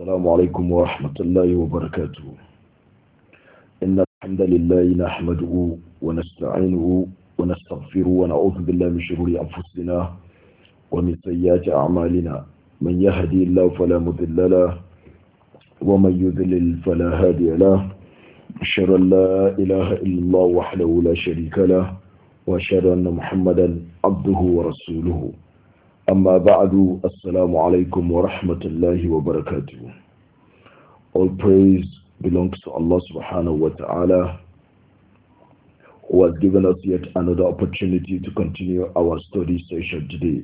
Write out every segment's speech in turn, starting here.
السلام عليكم ورحمة الله وبركاته إن الحمد لله نحمده ونستعينه ونستغفره ونعوذ بالله من شرور أنفسنا ومن سيئات أعمالنا من يهدي الله فلا مضل له ومن يذلل فلا هادي له أشهد أن لا إله إلا الله وحده لا شريك له وأشهد أن محمدا عبده ورسوله أما بعد السلام عليكم ورحمة الله وبركاته All praise belongs to Allah subhanahu wa ta'ala who has given us yet another opportunity to continue our study session today.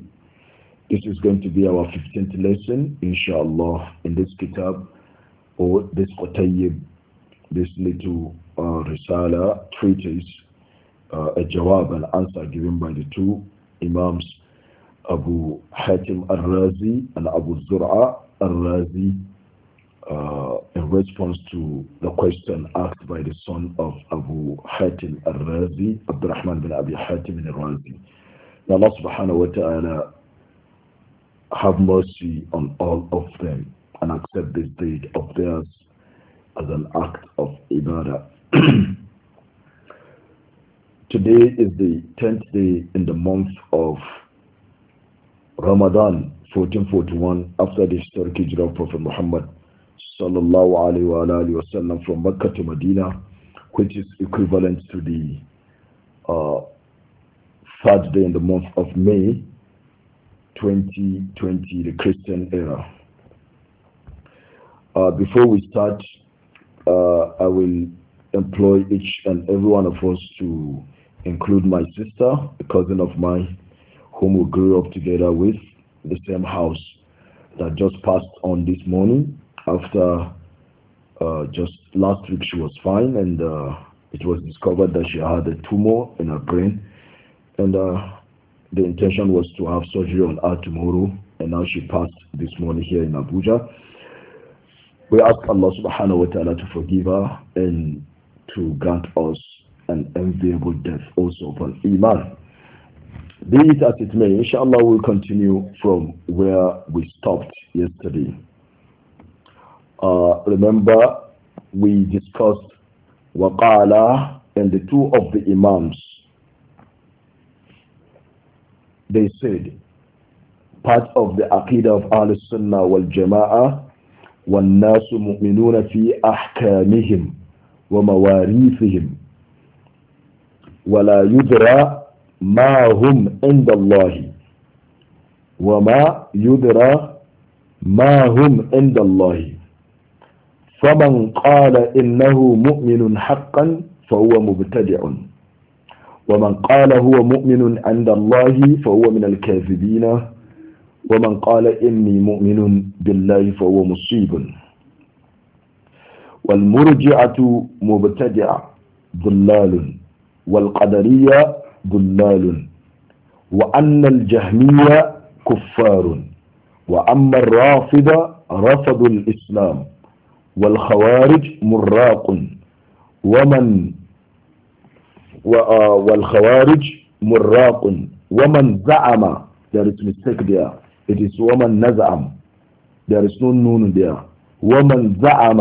This is going to be our 15th lesson, inshallah, in this kitab or this qatayyib, this little uh, risala treatise, uh, a jawab and answer given by the two imams abu hatim al-razi and abu zura al-razi uh, in response to the question asked by the son of Abu Hatim al-Razi, Abdurrahman bin Abi Hatim al-Razi. May Allah subhanahu wa ta'ala have mercy on all of them and accept this deed of theirs as an act of ibadah. Today is the 10th day in the month of Ramadan 1441 after the historic hijrah of Prophet Muhammad sallallahu alaihi wa wasallam from Mecca to Medina, which is equivalent to the uh, third day in the month of May 2020, the Christian era. Uh, before we start, uh, I will employ each and every one of us to include my sister, a cousin of mine, whom we grew up together with, the same house that just passed on this morning after uh, just last week she was fine and uh, it was discovered that she had a tumor in her brain and uh, the intention was to have surgery on her tomorrow and now she passed this morning here in Abuja. We ask Allah subhanahu wa ta'ala to forgive her and to grant us an enviable death also upon Iman. Be it as it may, inshallah we'll continue from where we stopped yesterday. Uh, remember, we discussed Waqala and the two of the Imams. They said, part of the Aqidah of Ahl Sunnah wal Jama'ah, والناس مؤمنون في أحكامهم ومواريثهم ولا يدرى ما هم عند الله وما يدرى ما هم عند الله فمن قال إنه مؤمن حقا فهو مبتدع ومن قال هو مؤمن عند الله فهو من الكاذبين ومن قال إني مؤمن بالله فهو مصيب والمرجعة مبتدع ضلال والقدرية ضلال وأن الجهمية كفار وأما الرافضة رفضوا الإسلام والخوارج مراق ومن آه، والخوارج مراق ومن زعم there is mistake there it is ومن نزعم there is no noon there ومن زعم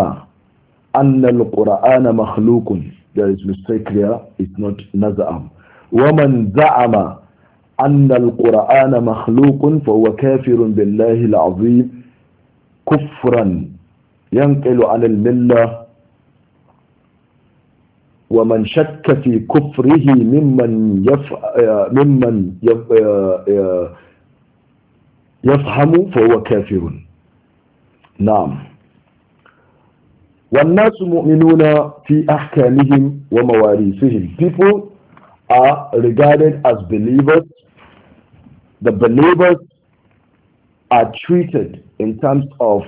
أن القرآن مخلوق there is mistake there it's not نزعم ومن زعم أن القرآن مخلوق فهو كافر بالله العظيم كفرا ينقل عن الملة ومن شك في كفره ممن يف... ممن يفهم فهو كافر نعم والناس مؤمنون في أحكامهم ومواريثهم people are regarded as believers. The believers are treated in terms of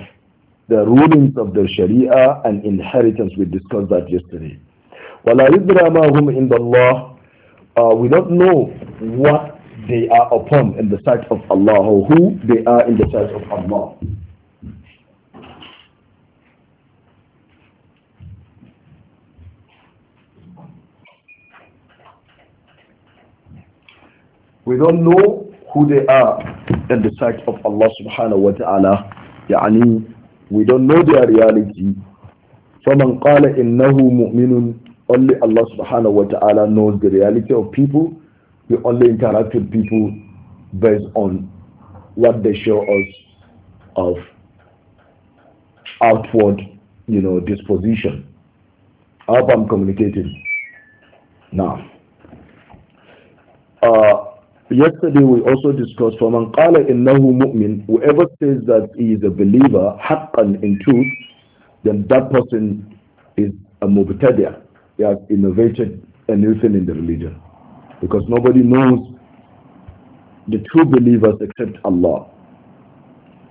the rulings of the Sharia and inheritance. We discussed that yesterday. وَلَا يُدْرَى مَا هُمْ إِنْدَ اللَّهِ uh, we don't know what they are upon in the sight of Allah or who they are in the sight of Allah. We don't know who they are in the sight of Allah subhanahu wa ta'ala. Yani, we don't know their reality. فَمَنْ قَالَ إِنَّهُ مُؤْمِنٌ Only Allah subhanahu wa ta'ala knows the reality of people. We only interact with people based on what they show us of outward, you know, disposition. I hope I'm communicating now. Uh, Yesterday we also discussed from an qala innahu mu'min, whoever says that he is a believer, haqqan in truth, then that person is a mubtadi'ah. He has innovated a new thing in the religion. Because nobody knows the true believers except Allah.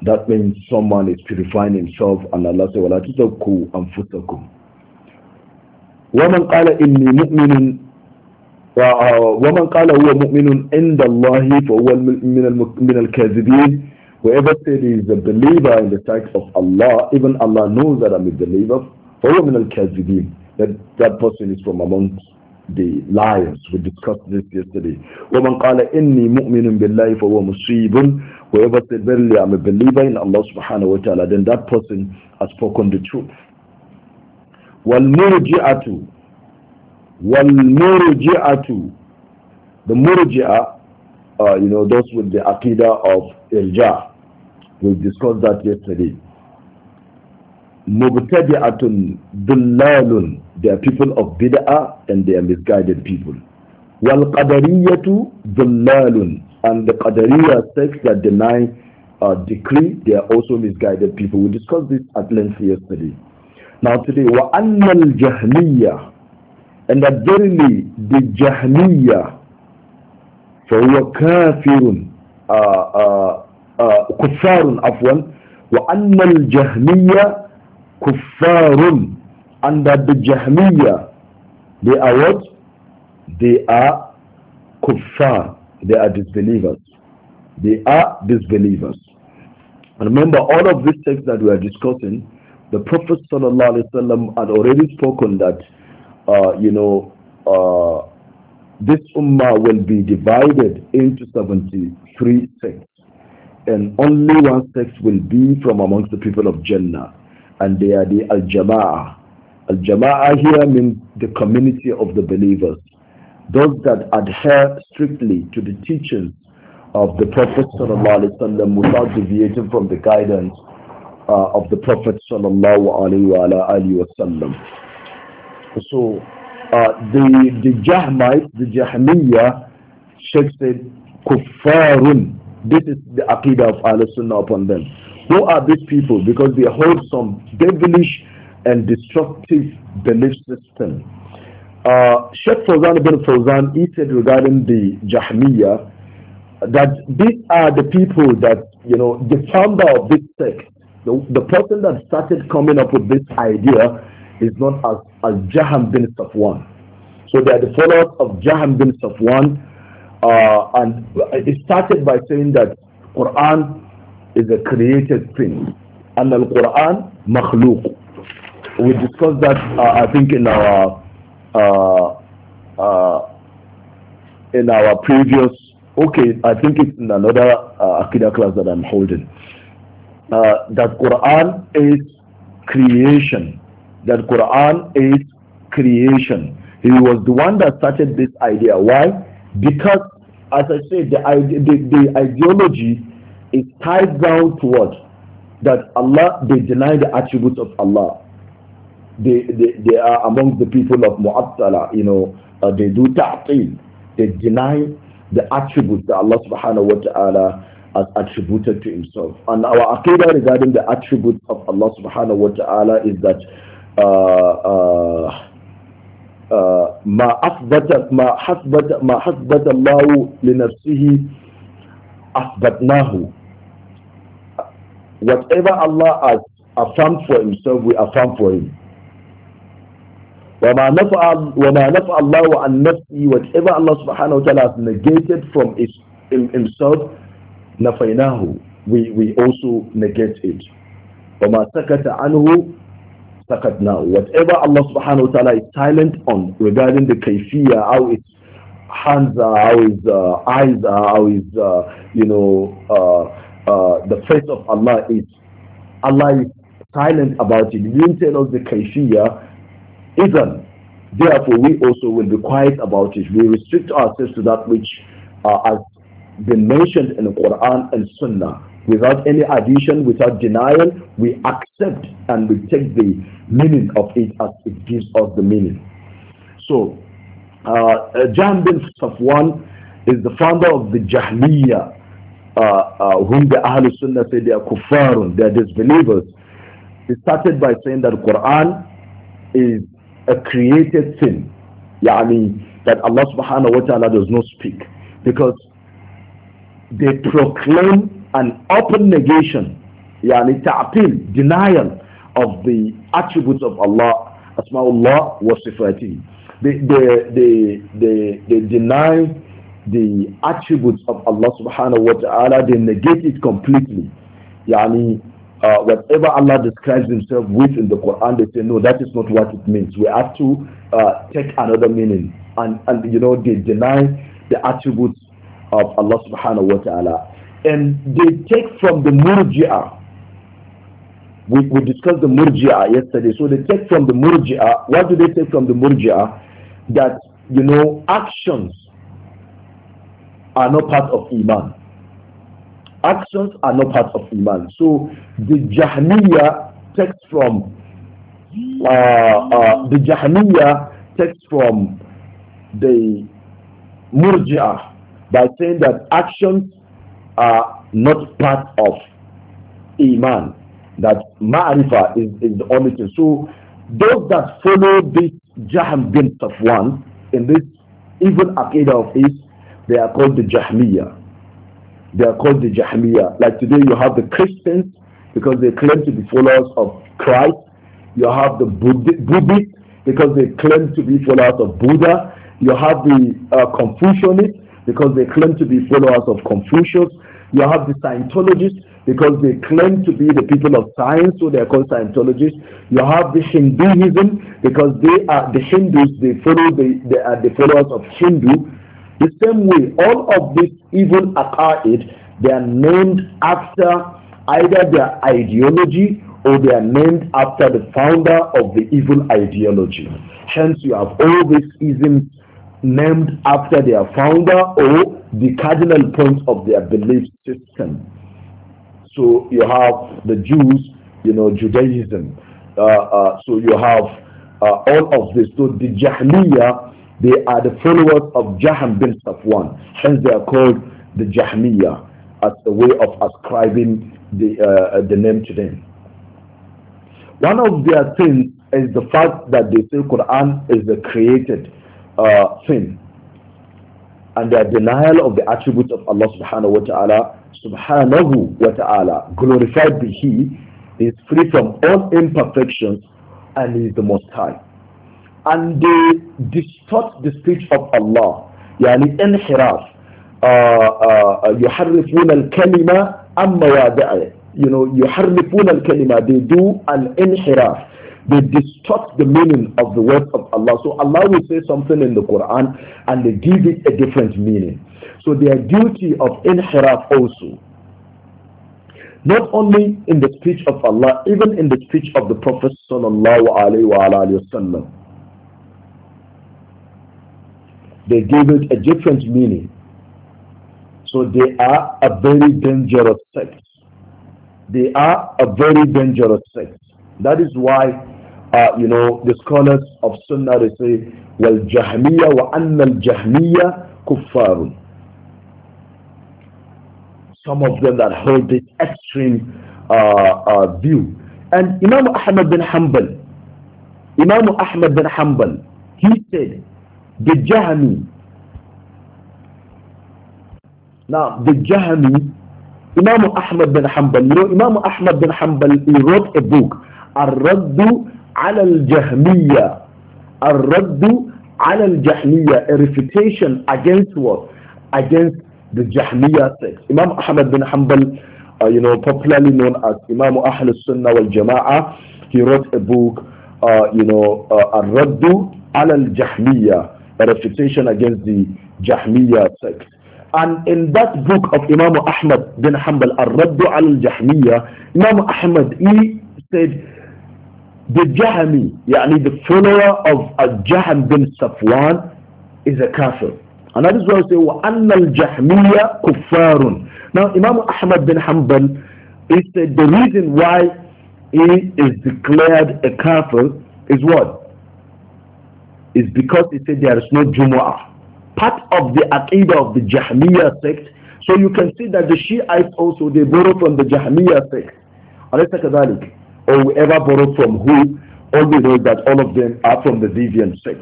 That means someone is purifying himself and Allah says, وَلَا تُزَكُّوا أَنفُسَكُمْ إِنِّي مُؤْمِنٌ ومن قال هو مؤمن عند الله فهو من الكاذبين Whoever said he is a believer in the sight of Allah, even Allah knows that I'm a believer. فهو من الكاذبين That that person is from among the liars. We discussed this yesterday. ومن قال إني مؤمن بالله فهو مصيب Whoever said verily I'm a believer in Allah subhanahu wa ta'ala, then that person has spoken the truth. والمرجئة wal the murji'a uh, you know those with the aqidah of irja we discussed that yesterday mubtadi'atun dillalun they are people of bid'ah and they are misguided people wal qadariyatu dillalun and the qadariya sects that deny uh, decree they are also misguided people we discussed this at length yesterday now today wa annal al and that verily the Jahmiyyah فهو كافر كفار عفوا وأن الجهمية كفار and that the Jahmiyyah they are what? They are kuffar they are disbelievers they are disbelievers and remember all of these texts that we are discussing the Prophet ﷺ had already spoken that uh, you know, uh, this ummah will be divided into 73 sects. And only one sect will be from amongst the people of Jannah. And they are the Al-Jama'ah. Al-Jama'ah here means the community of the believers. Those that adhere strictly to the teachings of the Prophet وسلم, without deviating from the guidance uh, of the Prophet sallallahu alaihi wasallam. So uh, the the Jahmites, the Jahmiya, Sheikh said, Kuffarun. This is the Aqidah of Ahl Sunnah upon them. Who are these people? Because they hold some devilish and destructive belief system. Uh, Sheikh Fawzan ibn Fawzan, he said regarding the Jahmiya that these are the people that, you know, the founder of this sect, the, the person that started coming up with this idea is known as, as Jaham bin Safwan. So they are the followers of Jaham bin Safwan. Uh, and it started by saying that Quran is a created thing. And the Quran makhluq. We discussed that uh, I think in our uh, uh in our previous okay, I think it's in another uh, Akida class that I'm holding. Uh, that Quran is creation that Quran is creation. He was the one that started this idea. Why? Because, as I said, the, the, the ideology is tied down to what? That Allah, they deny the attributes of Allah. They, they, they are among the people of Mu'attala, you know, uh, they do ta'til. They deny the attributes that Allah subhanahu wa ta'ala has attributed to himself. And our aqidah regarding the attributes of Allah subhanahu wa ta'ala is that ما أثبت ما حسبت ما حسبت الله لنفسه أثبتناه whatever Allah has affirmed for himself we affirm for him وما نفع وما نفع الله عن نفسه whatever Allah subhanahu wa ta'ala has negated from his, himself نفيناه we, we also negate it وما سكت عنه now. Whatever Allah subhanahu wa ta'ala is silent on regarding the kayfiyah, how his hands are, how his uh, eyes are, how his, uh, you know, uh, uh, the face of Allah is, Allah is silent about it. He didn't tell us the kayfiyah isn't. Therefore, we also will be quiet about it. We restrict ourselves to that which uh, has been mentioned in the Quran and Sunnah without any addition, without denial. We accept and we take the meaning of it as it gives us the meaning. So, uh, uh Jahan bin Safwan is the founder of the Jahmiya, uh, uh, whom the Ahlul Sunnah say they are kuffarun, they are disbelievers. He started by saying that Quran is a created thing, yani that Allah subhanahu wa ta'ala does not speak because they proclaim an open negation, yani ta'til, denial of the attributes of Allah, Asma'ullah wa Sifatihi. They, they, they, they, deny the attributes of Allah subhanahu wa ta'ala, they negate it completely. Yani, uh, whatever Allah describes himself with in the Quran, they say, no, that is not what it means. We have to uh, take another meaning. And, and, you know, they deny the attributes of Allah subhanahu wa ta'ala and they take from the murjia. We, we discussed the murjia yesterday. So they take from the murjia. What do they take from the murjia? That, you know, actions are not part of Iman. Actions are not part of Iman. So the Jahmiyyah takes from uh, uh, the Jahmiyyah takes from the Murji'ah by saying that actions are not part of Iman. That Ma'rifah is, is the only thing. So those that follow this Jaham bin Safwan in this evil Aqidah of his, they are called the Jahmiyyah. They are called the Jahmiyyah. Like today you have the Christians because they claim to be followers of Christ. You have the Buddhists because they claim to be followers of Buddha. You have the uh, Confucianists because they claim to be followers of Confucius. You have the Scientologists because they claim to be the people of science, so they are called Scientologists. You have the Hinduism because they are the Hindus. They follow the they are the followers of Hindu. The same way, all of these evil aqaid, they are named after either their ideology or they are named after the founder of the evil ideology. Hence, you have all these isms named after their founder or the cardinal point of their belief system. So you have the Jews, you know, Judaism. Uh, uh, so you have uh, all of this. So the Jahmiya, they are the followers of Jaham bin Safwan. Hence they are called the Jahmiya as a way of ascribing the, uh, the name to them. One of their things is the fact that they say Quran is the created uh, sin and their denial of the attributes of Allah subhanahu wa ta'ala, subhanahu wa ta'ala, glorified be He, is free from all imperfections and is the Most High. And they distort the speech of Allah, yani inhiraf, يحرفون الكلمة عن مواضعه you know يحرفون الكلمة they do an inhiraf they distort the meaning of the word of Allah. So Allah will say something in the Quran and they give it a different meaning. So they are guilty of inhiraf also. Not only in the speech of Allah, even in the speech of the Prophet sallallahu alaihi wasallam. They gave it a different meaning. So they are a very dangerous sect. They are a very dangerous sect. That is why uh, you know, the scholars of Sunnah, they say, well, Jahmiya wa anna al-Jahmiya kuffarun. Some of them that hold this extreme uh, uh, view. And Imam Ahmad bin Hanbal, Imam Ahmad bin Hanbal, he said, the Jahmi, now the Jahmi, Imam Ahmad bin Hanbal, you know, Imam Ahmad bin Hanbal, he wrote a book, Ar-Raddu على الجهمية الرد على الجهمية a refutation against what? against the Jahmiya sect Imam Ahmad bin Hanbal uh, you know popularly known as Imam Ahl Sunnah wal he wrote a book uh, you know uh, الرد على الجهمية a refutation against the Jahmiya sect and in that book of Imam Ahmad bin Hanbal Al-Raddu على الجهمية Imam Ahmad he said the Jahami, yani the follower of Al-Jaham bin Safwan is a kafir. And that is why I say, وَأَنَّ الْجَحْمِيَّ كُفَّارٌ Now Imam Ahmad bin Hanbal, he said the reason why he is declared a kafir is what? Is because he said there is no Jumu'ah. Part of the Aqidah of the Jahmiya sect. So you can see that the Shiites also, they borrow from the Jahmiya sect. أليس كذلك؟ or whoever borrowed from who, we know that all of them are from the deviant sect.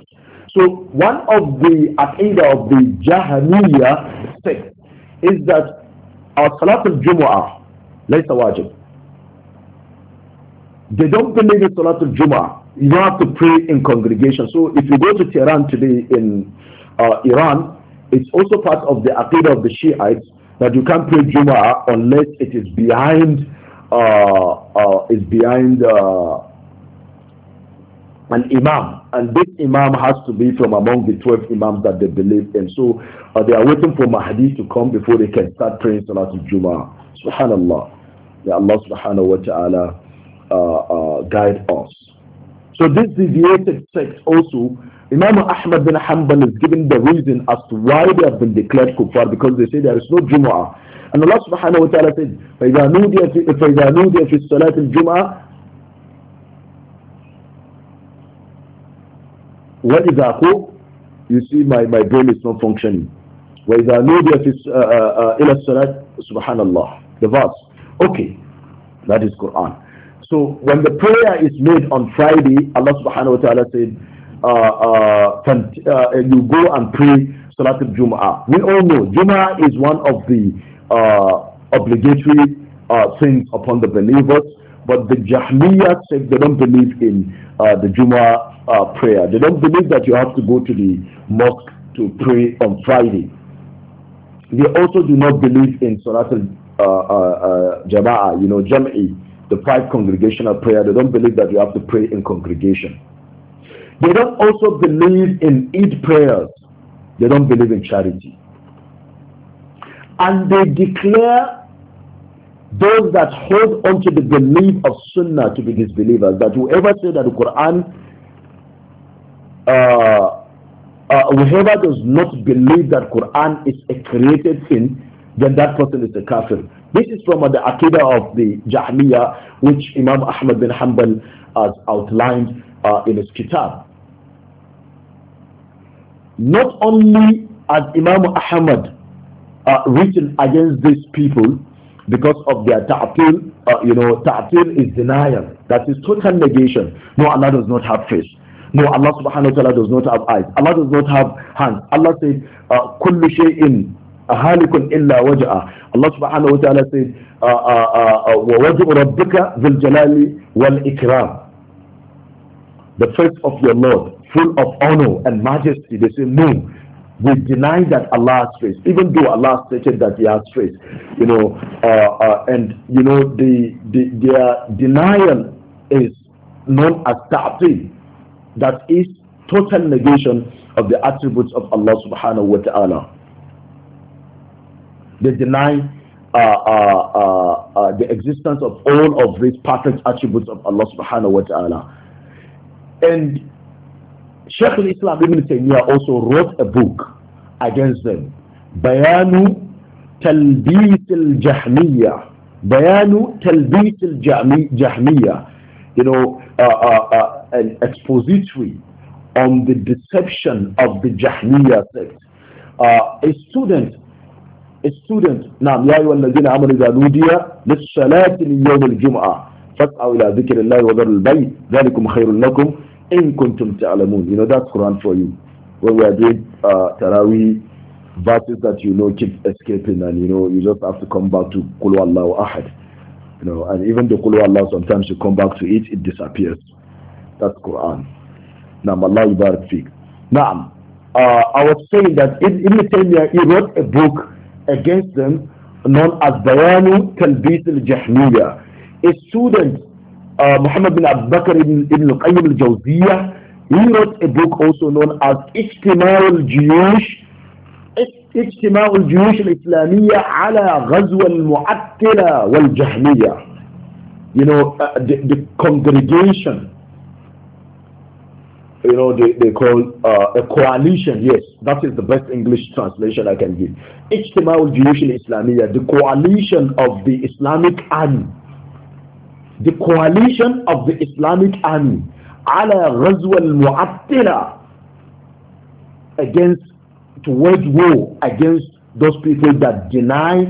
So one of the aqidah of the Jahaniya sect is that our Salat al-Jumu'ah, laysa wajib. They don't believe in Salat al-Jumu'ah. You don't have to pray in congregation. So if you go to Tehran today in uh, Iran, it's also part of the aqidah of the Shiites that you can't pray Jumu'ah unless it is behind uh, uh, is behind uh, an imam and this imam has to be from among the 12 imams that they believe in so uh, they are waiting for mahdi to come before they can start praying salatul juma subhanallah may allah subhanahu wa ta'ala uh, uh, guide us so this deviated sect also imam ahmad bin hanbal is giving the reason as to why they have been declared kufar because they say there is no Jummah. And Allah subhanahu wa ta'ala says, فَإِذَا نُودِيَ فِي, فإذا نودي في الصَّلَاةِ الْجُمْعَةِ الجمعة is قُمْ You see, my, my brain is not functioning. وَإِذَا نُودِيَ فِي uh, uh, إِلَى الصَّلَاةِ Subhanallah. The verse. Okay. That is Quran. So when the prayer is made on Friday, Allah subhanahu wa ta'ala said, uh, uh, uh you go and pray al Jum'ah. We all know Jum'ah is one of the uh, obligatory uh, things upon the believers. But the Jahmiyyah sect, they don't believe in uh, the Juma uh, prayer. They don't believe that you have to go to the mosque to pray on Friday. They also do not believe in Salat al-Jama'ah, uh, uh, uh, you know, Jam'i, the five congregational prayer. They don't believe that you have to pray in congregation. They don't also believe in Eid prayers. They don't believe in charity and they declare those that hold onto the belief of Sunnah to be disbelievers. That whoever says that the Quran, uh, uh, whoever does not believe that Quran is a created thing, then that person is a kafir. This is from uh, the Aqidah of the Jahmiyyah, which Imam Ahmad bin Hanbal has outlined uh, in his kitab. Not only as Imam Ahmad uh, written against these people because of their ta'til, uh, you know, ta'til is denial. That is total negation. No, Allah does not have face. No, Allah subhanahu wa ta'ala does not have eyes. Allah does not have hands. Allah said, كل شيء هالك إلا وجهه. Allah subhanahu wa ta'ala said, ووجه ربك ذي الجلال والإكرام. The face of your Lord, full of honor and majesty. They say, no, we deny that Allah has raised, even though Allah stated that He has raised. You know, uh, uh, and you know the, the their denial is known as ta'til, that is total negation of the attributes of Allah Subhanahu wa Taala. They deny uh, uh, uh, uh the existence of all of these perfect attributes of Allah Subhanahu wa Taala, and Sheikh al-Islam Ibn Taymiyyah also wrote a book against them. Bayanu Talbis al-Jahmiyyah. Bayanu Talbis al-Jahmiyyah. You know, uh, uh, uh, an expository on the deception of the Jahmiyyah sect. Uh, a student a student نعم يا أيها الذين آمنوا إذا نودي للصلاة من يوم الجمعة فاسعوا إلى ذكر الله وذروا البيع ذلكم خير لكم in kuntum ta'lamun. You know, that's Quran for you. When we are doing uh, Taraweeh, verses that you know keep escaping and you know, you just have to come back to Qul Allahu Ahad. You know, and even the Qul Allah, sometimes you come back to it, it disappears. That's Quran. Naam, Allah Ibarak Fiqh. Naam, uh, I was saying that Ibn Taymiyyah, he wrote a book against them known as Bayanu Talbis al A student uh, Muhammad bin Abubakar ibn, ibn Qayyim al-Jawziyah, he wrote a book also known as اجتماع al اجتماع ala الإسلامية al غزو wal والجهمية you know uh, the, the, congregation you know they, they call uh, a coalition yes that is the best English translation I can give اجتماع al الإسلامية the coalition of the Islamic army the coalition of the Islamic army ala ghazwa al against to wage war against those people that deny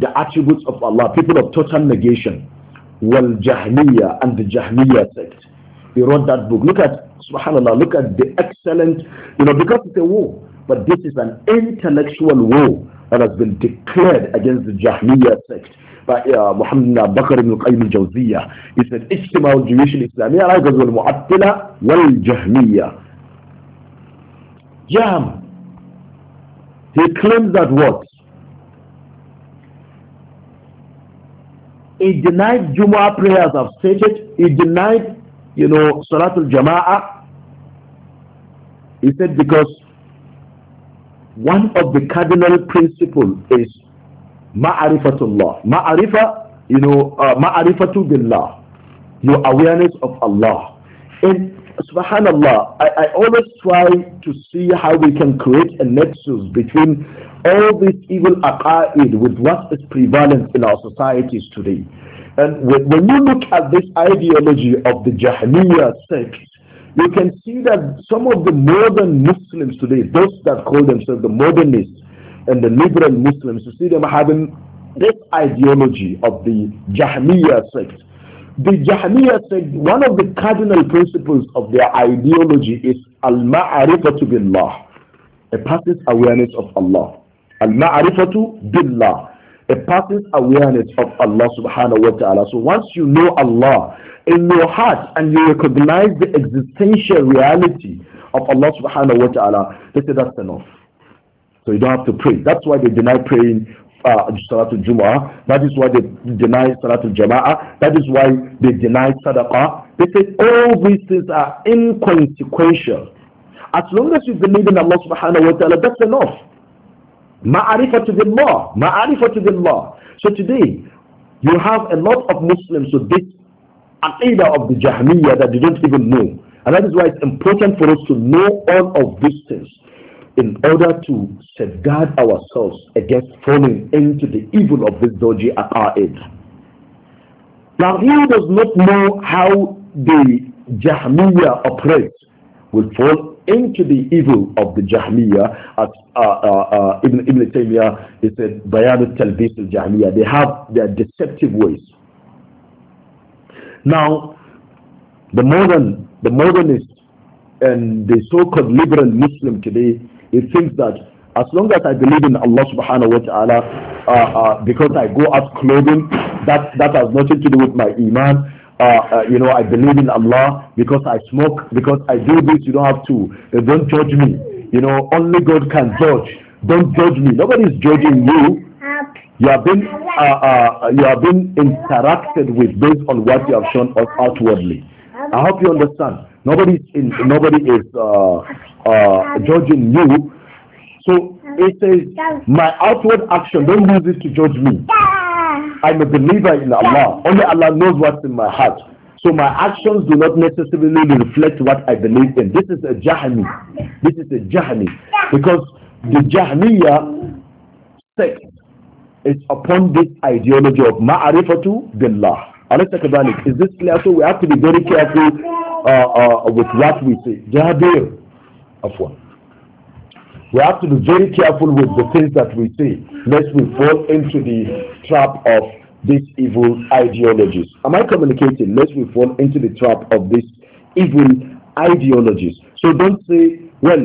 the attributes of Allah people of total negation wal jahmiya and the jahmiya sect he wrote that book look at subhanallah look at the excellent you know because it's a war but this is an intellectual war that has been declared against the jahmiya sect by uh, Muhammad Bakr ibn Qayyim al-Jawziyah. He said, اجتماع الجيوش الإسلامية على غزو المعطلة والجهمية. Jam. He claims that what? He denied Jumu'ah prayers I've stated. He denied, you know, Salatul Jama'ah. He said because one of the cardinal principles is Ma'arifatullah. Ma'arifa, you know, uh, ma'arifatu billah. Your awareness of Allah. And subhanallah, I, I always try to see how we can create a nexus between all these evil aqa'id with what is prevalent in our societies today. And when you look at this ideology of the Jahmiya sect, you can see that some of the modern Muslims today, those that call themselves the modernists, and the liberal Muslims, you see them having this ideology of the Jahmiyyah sect. The Jahmiyyah sect, one of the cardinal principles of their ideology is al-ma'arifatu billah, a person's awareness of Allah. Al-ma'arifatu billah, a person's awareness of Allah subhanahu wa ta'ala. So once you know Allah in your heart and you recognize the existential reality of Allah subhanahu wa ta'ala, they say that's enough. So you don't have to pray. That's why they deny praying uh, Salatul Jumu'ah. That is why they deny Salatul Jama'ah. That is why they deny Sadaqah. They say all these things are inconsequential. As long as you believe in Allah subhanahu wa ta'ala, that's enough. Ma'arifatu billah. Ma'arifatu billah. So today, you have a lot of Muslims with this aqidah of the Jahmiyyah that they don't even know. And that is why it's important for us to know all of these things in order to safeguard ourselves against falling into the evil of this dodgy at our age. Now, who does not know how the Jahmiyyah operates will fall into the evil of the Jahmiyyah as uh, uh, uh, Ibn, Ibn Taymiyyah is a Bayan al jahmiyyah They have their deceptive ways. Now, the modern, the modernist and the so-called liberal Muslim today it seems that as long as I believe in Allah subhanahu wa ta'ala, uh, uh, because I go out clothing, that, that has nothing to do with my iman. Uh, uh you know, I believe in Allah because I smoke, because I do this, you don't have to. don't judge me. You know, only God can judge. Don't judge me. Nobody is judging you. You have been, uh, uh, you have been interacted with based on what you have shown us outwardly. I hope you understand. Nobody is, in, nobody is uh, judging you. So it says, my outward action, don't use it to judge me. I'm a believer in Allah. Only Allah knows what's in my heart. So my actions do not necessarily reflect what I believe in. This is a Jahmi. This is a Jahmi. Because the Jahmiya sect is upon this ideology of Ma'arifatu Billah. Is this clear? So we have to be very careful uh, uh, with what we say. Jahbir, Afwan. We have to be very careful with the things that we say, lest we fall into the trap of these evil ideologies. Am I communicating? Lest we fall into the trap of these evil ideologies. So don't say, well,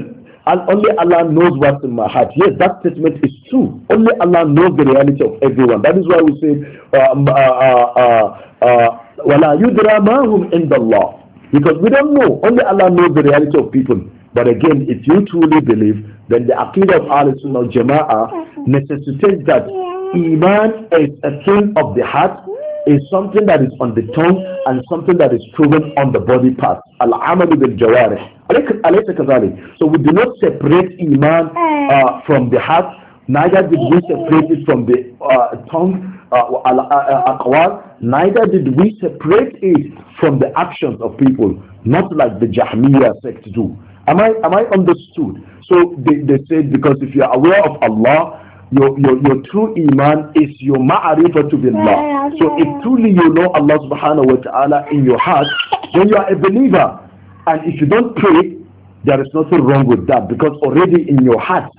only Allah knows what's in my heart. Yes, that statement is true. Only Allah knows the reality of everyone. That is why we say, um, uh, uh, uh, وَلَا يُدْرَى مَا هُمْ Because we don't know. Only Allah knows the reality of people. But again, if you truly believe, then the Aqidah of Ahl Sunnah Jama'ah mm-hmm. necessitates that Iman is a thing of the heart, is something that is on the tongue, and something that is proven on the body part. Al-amalu bil jawarih. So we do not separate Iman uh, mm. from the heart, neither did we separate it from the uh, tongue, uh, uh, uh neither did we separate it from the actions of people, not like the Jahmiyyah sect do. Am I am I understood? So they, they said because if you are aware of Allah, your, your, your true iman is your maarifa to Allah. So if truly you know Allah subhanahu wa ta'ala in your heart, then you are a believer. And if you don't pray, there is nothing wrong with that because already in your heart,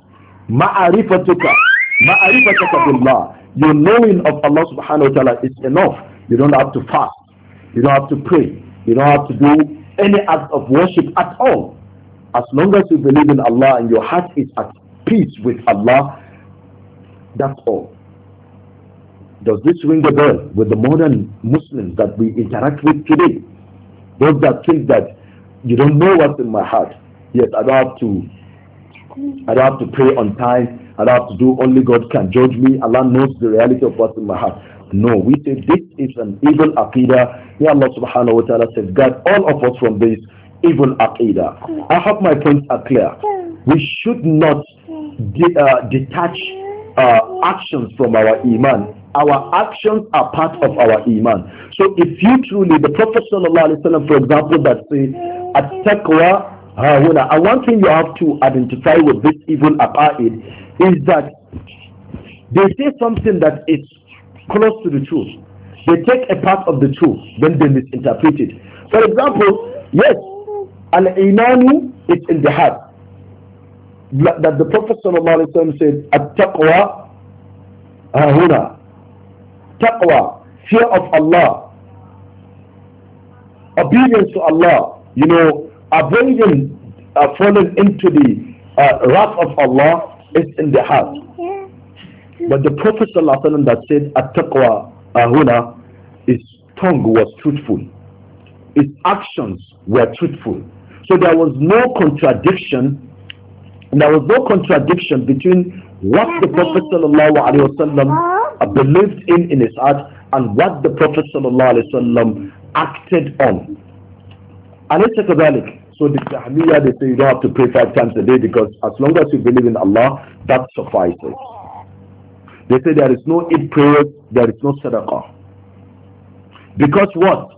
ma'arifatuka, ma'arifatuka billah, your knowing of Allah subhanahu wa ta'ala is enough. You don't have to fast. You don't have to pray. You don't have to do any act of worship at all. As long as you believe in Allah and your heart is at peace with Allah, that's all. Does this ring a bell with the modern Muslims that we interact with today? Those that think that you don't know what's in my heart. yet I don't have to I don't have to pray on time. I don't have to do only God can judge me. Allah knows the reality of what's in my heart. No, we say this is an evil aqidah. May Allah subhanahu wa ta'ala safeguard all of us from this evil aqidah. I hope my points are clear. We should not de uh, detach uh, actions from our iman. Our actions are part of our iman. So if you truly, the Prophet ﷺ, for example, that say, at-taqwa one thing you have to identify with this evil aqaid is that they say something that is close to the truth. They take a part of the truth, then they misinterpret it. For example, yes, Al-imanu is in the heart. That the Prophet ﷺ said, At-taqwa ahuna, uh, Taqwa, fear of Allah. Obedience to Allah. You know, avoiding uh, falling into the uh, wrath of Allah is in the heart. But the Prophet ﷺ that said, At-taqwa ahuna, uh, his tongue was truthful. His actions were truthful. So there was no contradiction. There was no contradiction between what the Prophet ﷺ believed in in his heart and what the Prophet ﷺ acted on. And it's a so the Jahmiyyah, they say you don't have to pray five times a day because as long as you believe in Allah, that suffices. They say there is no Eid prayer, there is no sadaqah. Because what?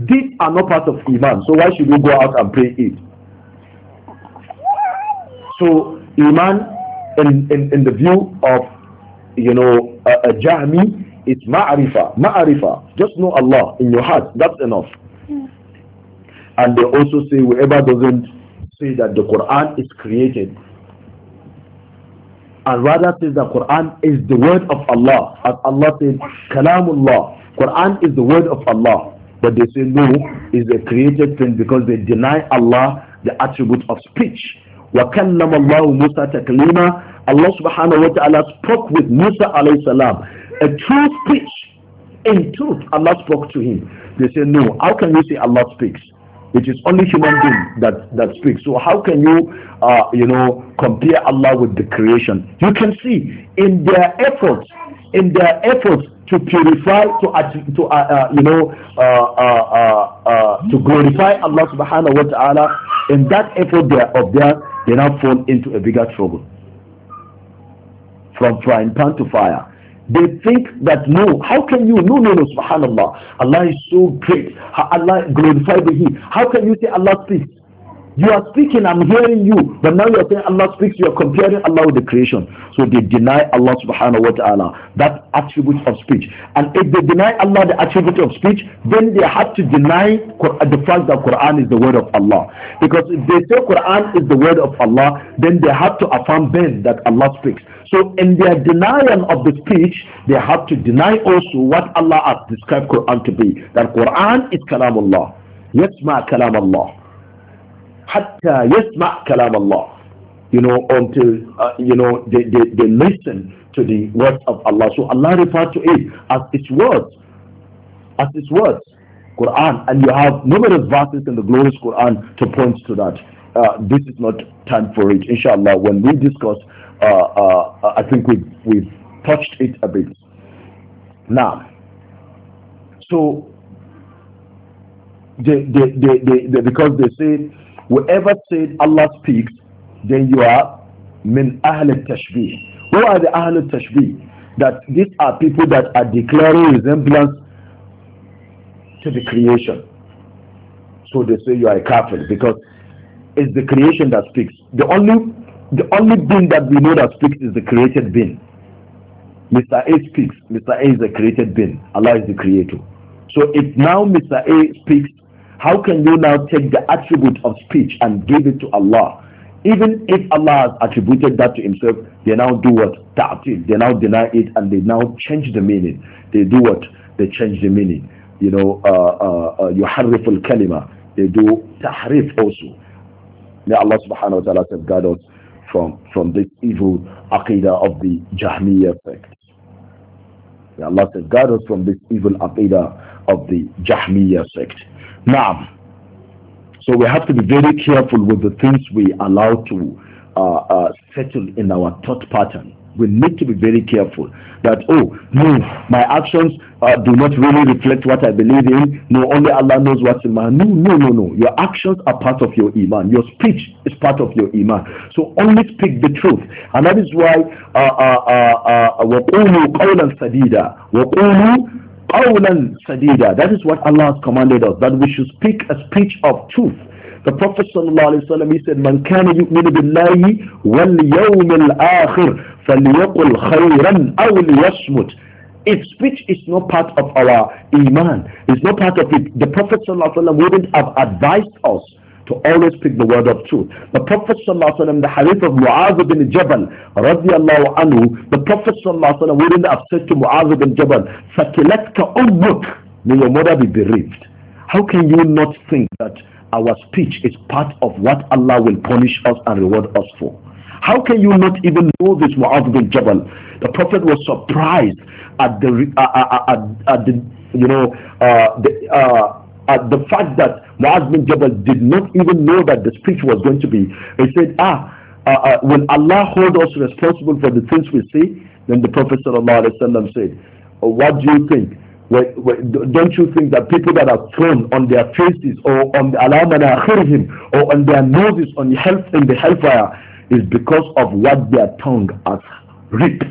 These are not part of Iman, so why should we go out and pray it? So Iman, in, in, in the view of, you know, a, a Jahmi, is Ma'arifa, Ma'arifa. Just know Allah in your heart, that's enough. And they also say whoever doesn't say that the Quran is created, and rather says that Quran is the word of Allah. As Allah said, Kalamullah. Quran is the word of Allah. But they say no, is a created thing because they deny Allah the attribute of speech. وَكَلَّمَ اللَّهُ مُوسَى تَكْلِيمًا Allah subhanahu wa ta'ala spoke with Musa alayhi salam. A true speech. In truth, Allah spoke to him. They say, no, how can you say Allah speaks? It is only human being that, that speaks. So how can you, uh, you know, compare Allah with the creation? You can see in their efforts, in their efforts to purify, to, to uh, uh, you know, uh, uh, uh, uh, to glorify Allah subhanahu wa ta'ala, in that effort there of theirs, they now fall into a bigger trouble. From frying pan to fire. They think that no, how can you? No, no, no, subhanallah. Allah is so great. Allah glorified He. How can you say Allah speaks? You are speaking, I'm hearing you. But now you're saying Allah speaks, you're comparing Allah with the creation. So they deny Allah subhanahu wa ta'ala that attribute of speech. And if they deny Allah the attribute of speech, then they have to deny the fact that Quran is the word of Allah. Because if they say Quran is the word of Allah, then they have to affirm then that Allah speaks. So in their denial of the speech, they have to deny also what Allah has described Quran to be. That Quran is kalam Allah. Yes, ma kalam Allah yes yasma' kalam Allah. You know, until, uh, you know, they, they, they listen to the words of Allah. So Allah referred to it as its words. As its words. Quran. And you have numerous verses in the glorious Quran to point to that. Uh, this is not time for it. Inshallah, when we discuss, uh, uh, uh I think we've, we've touched it a bit. Now, so the the the because they say Whoever said Allah speaks, then you are min ahl tashbih. Who are the ahl tashbih? That these are people that are declaring resemblance to the creation. So they say you are a kafir because it's the creation that speaks. The only the only being that we know that speaks is the created being. Mr. A speaks. Mr. A is the created being. Allah is the creator. So if now Mr. A speaks, how can you now take the attribute of speech and give it to Allah? Even if Allah has attributed that to himself, they now do what? Ta'til. They now deny it and they now change the meaning. They do what? They change the meaning. You know, يحرف uh, kalima. Uh, uh, uh they do tahrif also. May Allah subhanahu wa ta'ala safeguard us from, from this evil aqidah of the Jahmiyyah sect. May Allah safeguard us from this evil aqidah of the Jahmiyyah sect. Now, so we have to be very careful with the things we allow to uh, uh, settle in our thought pattern. We need to be very careful that, oh, no, my actions uh, do not really reflect what I believe in. No, only Allah knows what's in my No, no, no, no. Your actions are part of your Iman. Your speech is part of your Iman. So only speak the truth. And that is why, وَقُولُوا قَوْلًا سَدِيدًا وَقُولُوا qawlan sadida. That is what Allah has commanded us, that we should speak a speech of truth. The Prophet sallallahu alaihi wasallam he said, "Man kana yu'minu billahi wal yawmil akhir falyaqul khayran aw liyasmut." If speech is not part of our iman, it's not part of it. The Prophet sallallahu alaihi wasallam wouldn't have advised us to always pick the word of truth. The Prophet ﷺ, the hadith of Mu'adh bin Jabal, radiallahu anhu, the Prophet ﷺ wouldn't have said to Mu'adh bin Jabal, Sakilatka ummuk, may your mother be bereaved. How can you not think that our speech is part of what Allah will punish us and reward us for? How can you not even know this Mu'adh bin Jabal? The Prophet was surprised at the, uh, uh, uh, at the you know, uh, the, uh, at uh, the fact that Muaz bin Jabal did not even know that the speech was going to be. He said, ah, uh, uh, Allah hold us responsible for the things we see? Then the Prophet ﷺ said, oh, what do you think? Wait, wait, don't you think that people that are thrown on their faces or on the him, or on their noses on the hell, in the hellfire is because of what their tongue has ripped?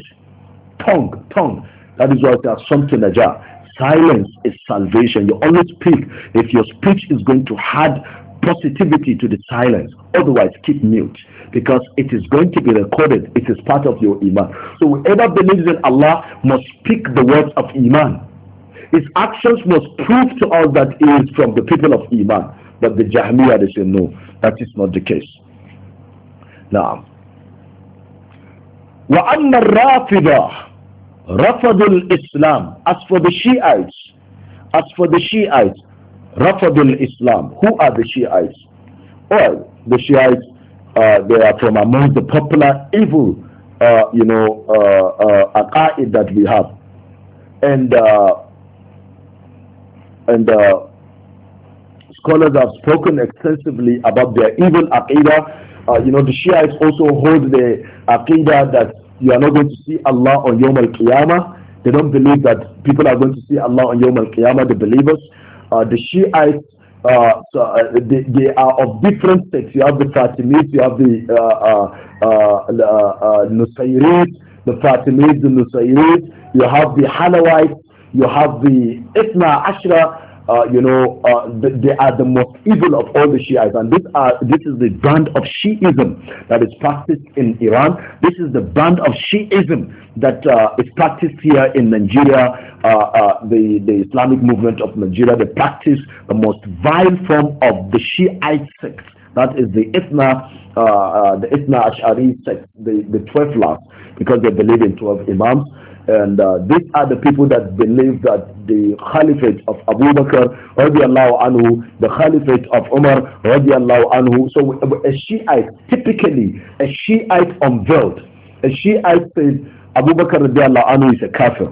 Tongue, tongue. That is what they are something ajar silence is salvation. You only speak if your speech is going to add positivity to the silence. Otherwise, keep mute because it is going to be recorded. It is part of your iman. So whoever believes in Allah must speak the words of iman. His actions must prove to us that he is from the people of iman. But the Jahmiyyah they say no, that is not the case. Now, وأما الرافضة Rafadul Islam. As for the Shiites, as for the Shiites, Rafadul Islam. Who are the Shiites? Well, the Shiites, uh, they are from among the popular evil, uh, you know, uh, uh, that we have. And, uh, and uh, scholars have spoken extensively about their evil aqidah. Uh, you know, the Shiites also hold the aqidah that you are not going to see Allah on Yom Al Qiyamah. They don't believe that people are going to see Allah on Yom Al Qiyamah, the believers. Uh, the Shiites, uh, so, uh, they, they, are of different sects. You have the Fatimids, you have the uh, uh, uh, uh the Fatimids, the Nusayrids, you have the Halawites, you have the Ithna Ashra, uh, you know, uh, they are the most evil of all the Shiites. And this, are, this is the brand of Shiism that is practiced in Iran. This is the brand of Shiism that uh, is practiced here in Nigeria, uh, uh, the, the Islamic movement of Nigeria. They practice the most vile form of the Shiite sect. That is the Ithna, uh, the Ithna Ash'ari sect, the, the 12 because they believe in 12 Imams. And uh, these are the people that believe that the caliphate of Abu Bakr radiallahu anhu, the caliphate of Umar radiallahu anhu. So a Shiite, typically a Shiite unveiled, a Shiite says Abu Bakr radiallahu anhu is a kafir.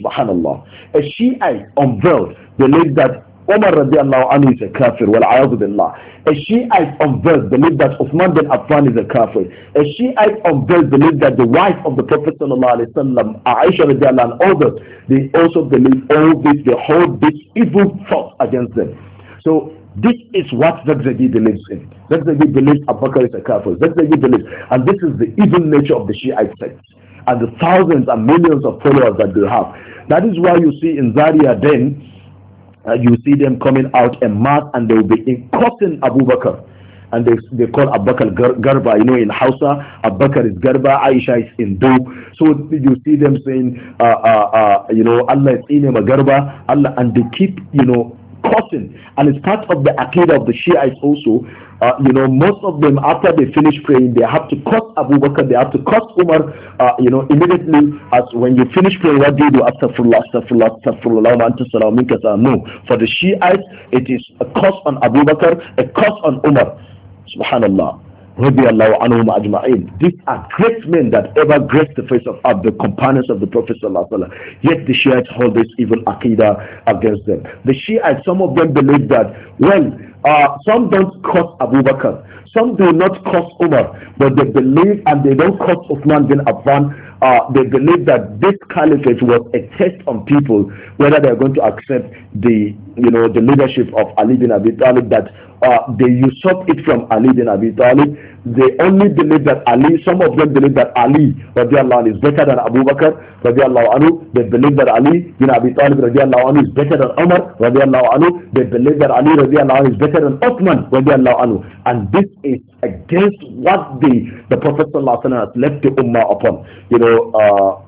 Subhanallah. A Shiite unveiled believes that Omar radiallahu anhu is a kafir, wal Allah. A Shiite of birth believed that Uthman bin Affan is a kafir. A Shiite of birth believed that the wife of the Prophet sallallahu alayhi wasallam, Aisha radiallahu and others, they also believe all this, they hold this evil thought against them. So this is what Zakzagi believes in. Zakzagi believes Abu Bakr is a kafir. Zakzagi believes, and this is the evil nature of the Shiite sect and the thousands and millions of followers that they have. That is why you see in Zaria then, uh, you see them coming out en mass and they will be insulting Abu Bakr. And they, they call Abu Bakr Garba. You know, in Hausa, Abu Bakr is Garba, Aisha is Hindu. So you see them saying, uh, uh, uh you know, Allah is Inema Garba, Allah, and they keep, you know, cursing and it's part of the aqidah of the Shiites also. Uh, you know, most of them after they finish praying, they have to cut Abu Bakr, they have to cut Umar, uh, you know, immediately as when you finish praying, what do you do? Astaghfirullah, astaghfirullah, astaghfirullah, anta salaminka No. For the Shiites, it is a cut on Abu Bakr, a cut on Umar. Subhanallah radiallahu anhum ajma'in. These are great men that ever graced the face of the companions of the Prophet sallallahu alaihi wasallam. Yet the Shiites hold this evil aqidah against them. The Shiites, some of them believe that, well, uh, some don't cut Abu Bakr. Some do not curse Umar. But they believe and they don't cut Uthman bin Affan. Uh, they believe that this caliphate was a test on people whether they're going to accept the you know the leadership of Ali bin Abi Talib that uh, they usurp it from Ali bin Abi Talib. They only believe that Ali, some of them believe that Ali radiallahu is better than Abu Bakr radiallahu anhu. They believe that Ali bin Abi Talib radiallahu anhu is better than Umar radiallahu anhu. They believe that Ali radiallahu anhu is better narrated on Uthman anhu. And this is against what the, the Prophet has left the Ummah upon. You know, uh,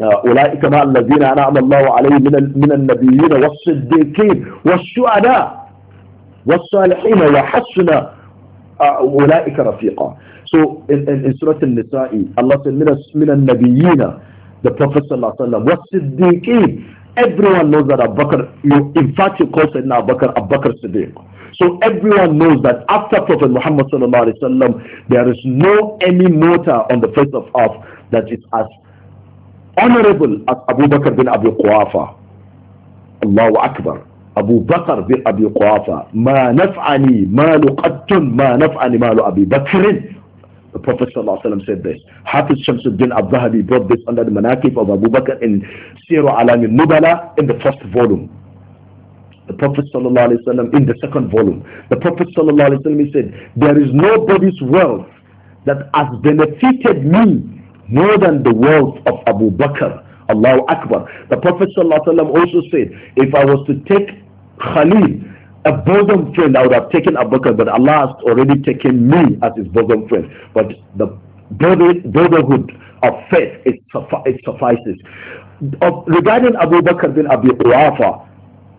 أولئك مع الذين أنعم الله عليهم من من النبيين والصديقين والشهداء والصالحين وحسن أولئك رفيقا. So in, in, in Surah Al-Nisa'i, Allah said من من النبيين the Prophet صلى الله عليه وسلم والصديقين Everyone knows that Abu Bakr, you, in fact, you call Sayyidina Abu Bakr Abu Bakr Siddiq. So everyone knows that after Prophet Muhammad sallallahu alaihi wasallam, there is no any mortar on the face of earth that is as honorable as Abu Bakr bin Abi Quafa. Allahu Akbar. Abu Bakr bin Abi Quafa. ما نفعني مال قد ما نفعني مال أبي بكر the Prophet ﷺ said this. Hafiz Shamsuddin al-Zahabi brought this under the manakib of Abu Bakr in Siru Alami Nubala in the first volume. The Prophet ﷺ in the second volume. The Prophet ﷺ said, there is nobody's wealth that has benefited me more than the wealth of Abu Bakr. Allahu Akbar. The Prophet ﷺ also said, if I was to take Khalid a bosom friend, I would have taken Abubakar, but Allah has already taken me as his bosom friend. But the brotherhood of faith, it, suffices. Of, regarding Abu Bakr bin Abi Urafa,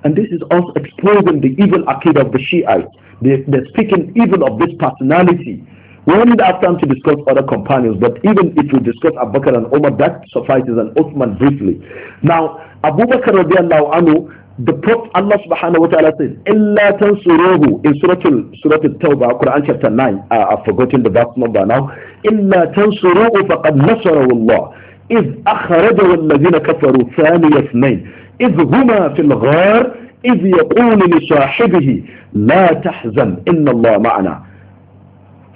and this is also exposing the evil akid of the Shiites, they, they're speaking even of this personality. We only have time to discuss other companions, but even if we discuss Abu Bakr and Omar, that suffices and Uthman briefly. Now, Abu Bakr radiallahu anhu, the Prophet Allah subhanahu wa ta'ala says, Illa tansuruhu in Surah al Tawbah, Quran chapter 9. Uh, I've forgotten the verse number now. Illa tansuruhu faqad nasarahu Allah. إذ أخرجه الذين كفروا ثاني اثنين إذ هما في الغار إذ يقول لصاحبه لا تحزن إن الله معنا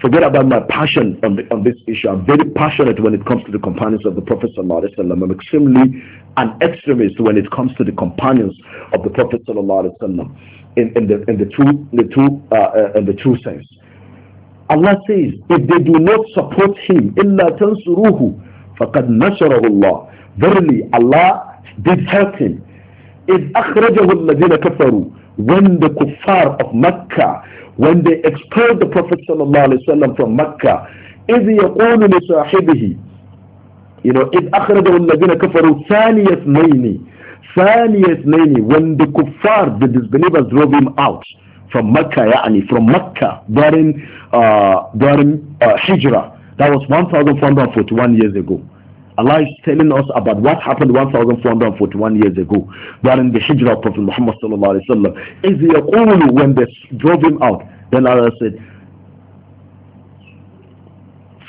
Forget about my passion on, the, on this issue. I'm very passionate when it comes to the companions of the Prophet Sallallahu Alaihi Wasallam. I'm extremely an extremist when it comes to the companions of the Prophet Sallallahu Alaihi Wasallam in, in, the, in the true, the true, uh, uh, in the true sense. Allah says, if they do not support him, إِلَّا تَنْصُرُوهُ فَقَدْ نَشَرَهُ اللَّهُ Verily, Allah did help him. إِذْ أَخْرَجَهُ الَّذِينَ كَفَرُوا when the kuffar of Mecca, when they expelled the Prophet ﷺ from Mecca, إذ يقول لصاحبه you know إذ أخرجه الذين كفروا ثاني اثنين ثاني اثنين when the kuffar the disbelievers drove him out from Mecca يعني from Mecca during uh, during uh, Hijrah that was 1441 years ago Allah is telling us about what happened 1,441 years ago during the Hijrah of Prophet Muhammad sallallahu alaihi wasallam. Is only when they drove him out, then Allah said,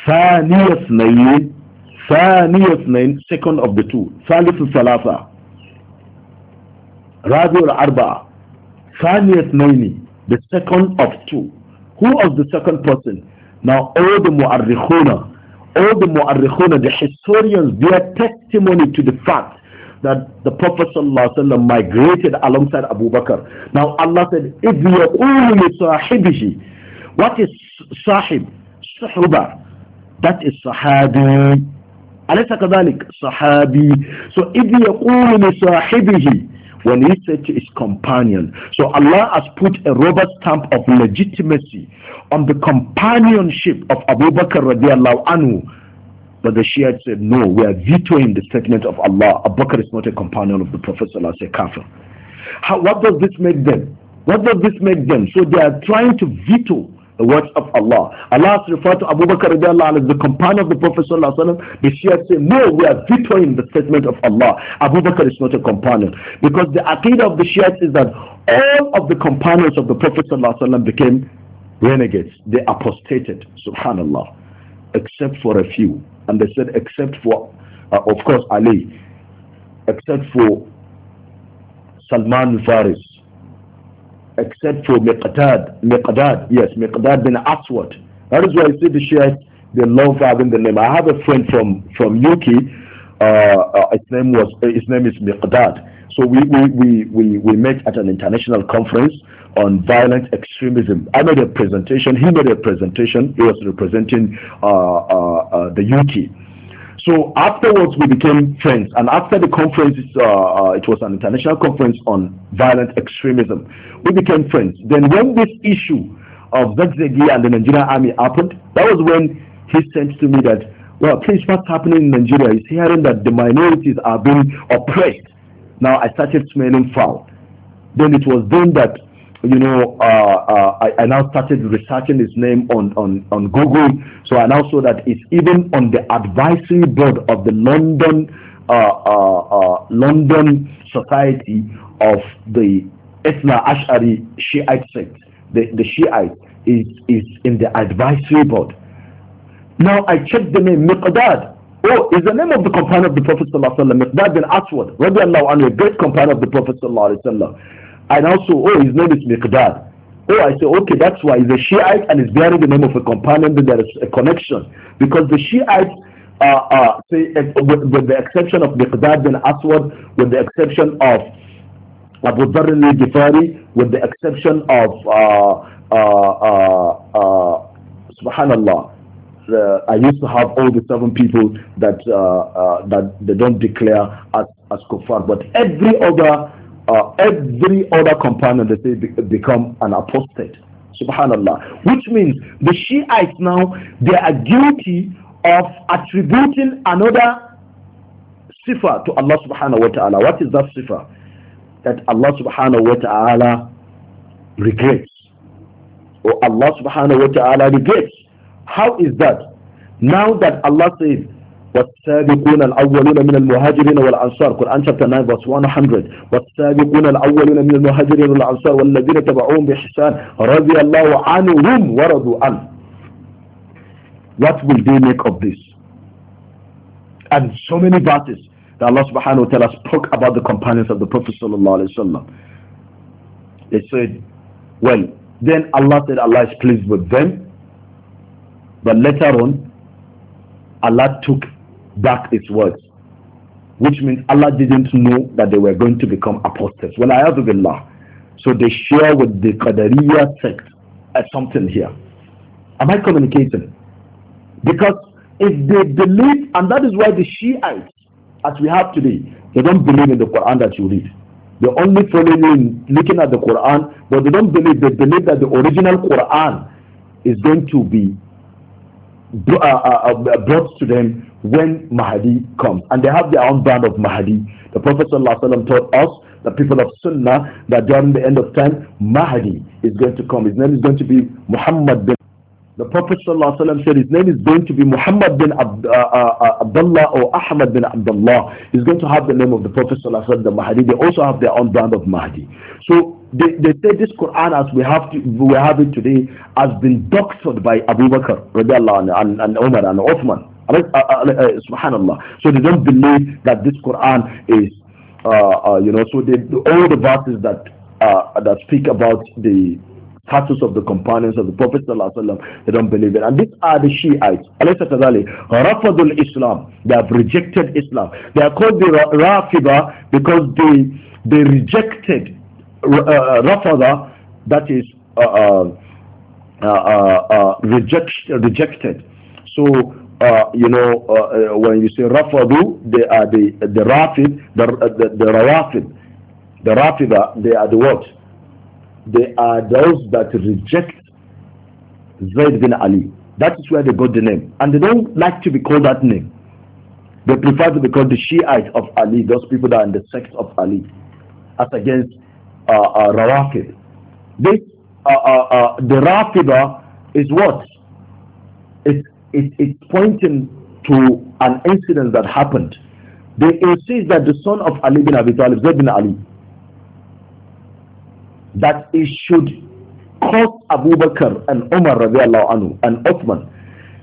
"Thaniya snayn, second of the two, thalith thalatha, rabi' Arba, arbaa the second of two. Who was the second person? Now all the mu'arrikhuna all the mu'arrikhuna, the historians, their testimony to the fact that the Prophet ﷺ migrated alongside Abu Bakr. Now Allah said, إِذْ يَقُولُ لِصَاحِبِهِ What is sahib? Suhuba. That is sahabi. أَلَيْسَ كَذَلِكَ Sahabi. So إِذْ يَقُولُ لِصَاحِبِهِ when he said to his companion. So Allah has put a rubber stamp of legitimacy on the companionship of Abu Bakr radiallahu anhu. But the Shia said, no, we are vetoing the statement of Allah. Abu Bakr is not a companion of the Prophet sallallahu kafir. How? What does this make them? What does this make them? So they are trying to veto the words of Allah. Allah has referred to Abu Bakr as the companion of the Prophet ﷺ. The Shia say, no, we are vetoing the statement of Allah. Abu Bakr is not a companion. Because the aqidah of the Shia is that all of the companions of the Prophet ﷺ became renegades. They apostated, subhanallah, except for a few. And they said, except for, uh, of course, Ali, except for Salman al-Faris, except for Miqdad, Miqdad, yes, Miqdad bin Aswad. That is why I say the Shiites, they love having the name. I have a friend from, from UK, uh, uh, his name was uh, his name is Miqdad. So we, we, we, we, we met at an international conference on violent extremism. I made a presentation, he made a presentation, he was representing uh, uh, uh, the UK. So afterwards, we became friends. And after the conference, uh, uh, it was an international conference on violent extremism. We became friends. Then when this issue of Zegzegi and the Nigerian army happened, that was when he sent to me that, well, please, what's happening in Nigeria? is hearing that the minorities are being oppressed. Now I started smelling foul. Then it was then that you know, uh, uh, I, I, now started researching his name on, on, on Google. So I now saw that it's even on the advisory board of the London uh, uh, uh, London Society of the Ethna Ash'ari Shiite sect. The, the Shiite is, is in the advisory board. Now I checked the name Miqdad. Oh, is the name of the companion of the Prophet Sallallahu Alaihi Wasallam, Miqdad bin Aswad, radiallahu anhu, a great companion of the Prophet Sallallahu Alaihi Wasallam and also, oh, his name is Miqdad. Oh, I say, okay, that's why he's a Shiite and is bearing the name of a companion, then there is a connection. Because the Shiites, uh, uh, say, uh, with, with, the exception of Miqdad bin Aswad, with the exception of Abu Dharr al with the exception of, uh, uh, uh, subhanallah, I used to have all the seven people that that they don't declare as, as kuffar, but every other uh, every other companion that they be become an apostate. Subhanallah. Which means the Shiites now, they are guilty of attributing another sifa to Allah subhanahu wa ta'ala. What is that sifa? That Allah subhanahu wa ta'ala regrets. Or Allah subhanahu wa ta'ala regrets. How is that? Now that Allah says, والسابقون الأولون من المهاجرين والأنصار Quran chapter 9 verse 100 والسابقون الأولون من المهاجرين والأنصار والذين تبعوهم بإحسان رضي الله عنهم ورضوا عنه What will they make of this? And so many verses that Allah subhanahu wa ta'ala spoke about the companions of the Prophet sallallahu wa wasallam. They said, well, then Allah said Allah is pleased with them. But later on, Allah took back his words, which means Allah didn't know that they were going to become apostates. Well, I have Allah. So they share with the Qadariya sect as uh, something here. Am I communicating? Because if they believe, and that is why the Shiites, as we have today, they don't believe in the Quran that you read. They only follow in looking at the Quran, but they don't believe. They believe that the original Quran is going to be uh, uh, brought to them when Mahdi comes. And they have their own brand of Mahdi. The Prophet ﷺ taught us, the people of Sunnah, that during the end of time, Mahdi is going to come. His name is going to be Muhammad bin. The Prophet ﷺ said his name is going to be Muhammad bin uh, uh, uh, Abdullah or Ahmad bin Abdullah. He's going to have the name of the Prophet ﷺ, the Mahdi. They also have their own brand of Mahdi. So they, they say this Quran as we have to, we have it today has been doctored by Abu Bakr and, and, and Umar and Uthman uh, uh, uh, Subhanallah. So they don't believe that this Quran is, uh, uh, you know, so they, all the verses that uh, that speak about the status of the companions of the Prophet they don't believe it. And these are the Shiites. Rafadul Islam. They have rejected Islam. They are called the rafida because they, they rejected uh, Rafada, that is uh, uh, reject, rejected. So uh, you know, uh, uh, when you say Rafadu, they are the, the Rafid, the, uh, the, the Rafid, The Rafida, they are the what? They are those that reject Zayd bin Ali. That is where they got the name. And they don't like to be called that name. They prefer to be called the Shiites of Ali, those people that are in the sect of Ali, as against uh, uh, This, uh, uh, uh, the Rafida is what? It's it, it's pointing to an incident that happened. They insist that the son of Ali bin Abi Talib, Zayd bin Ali, that it should cause Abu Bakr and Umar anhu, and Uthman.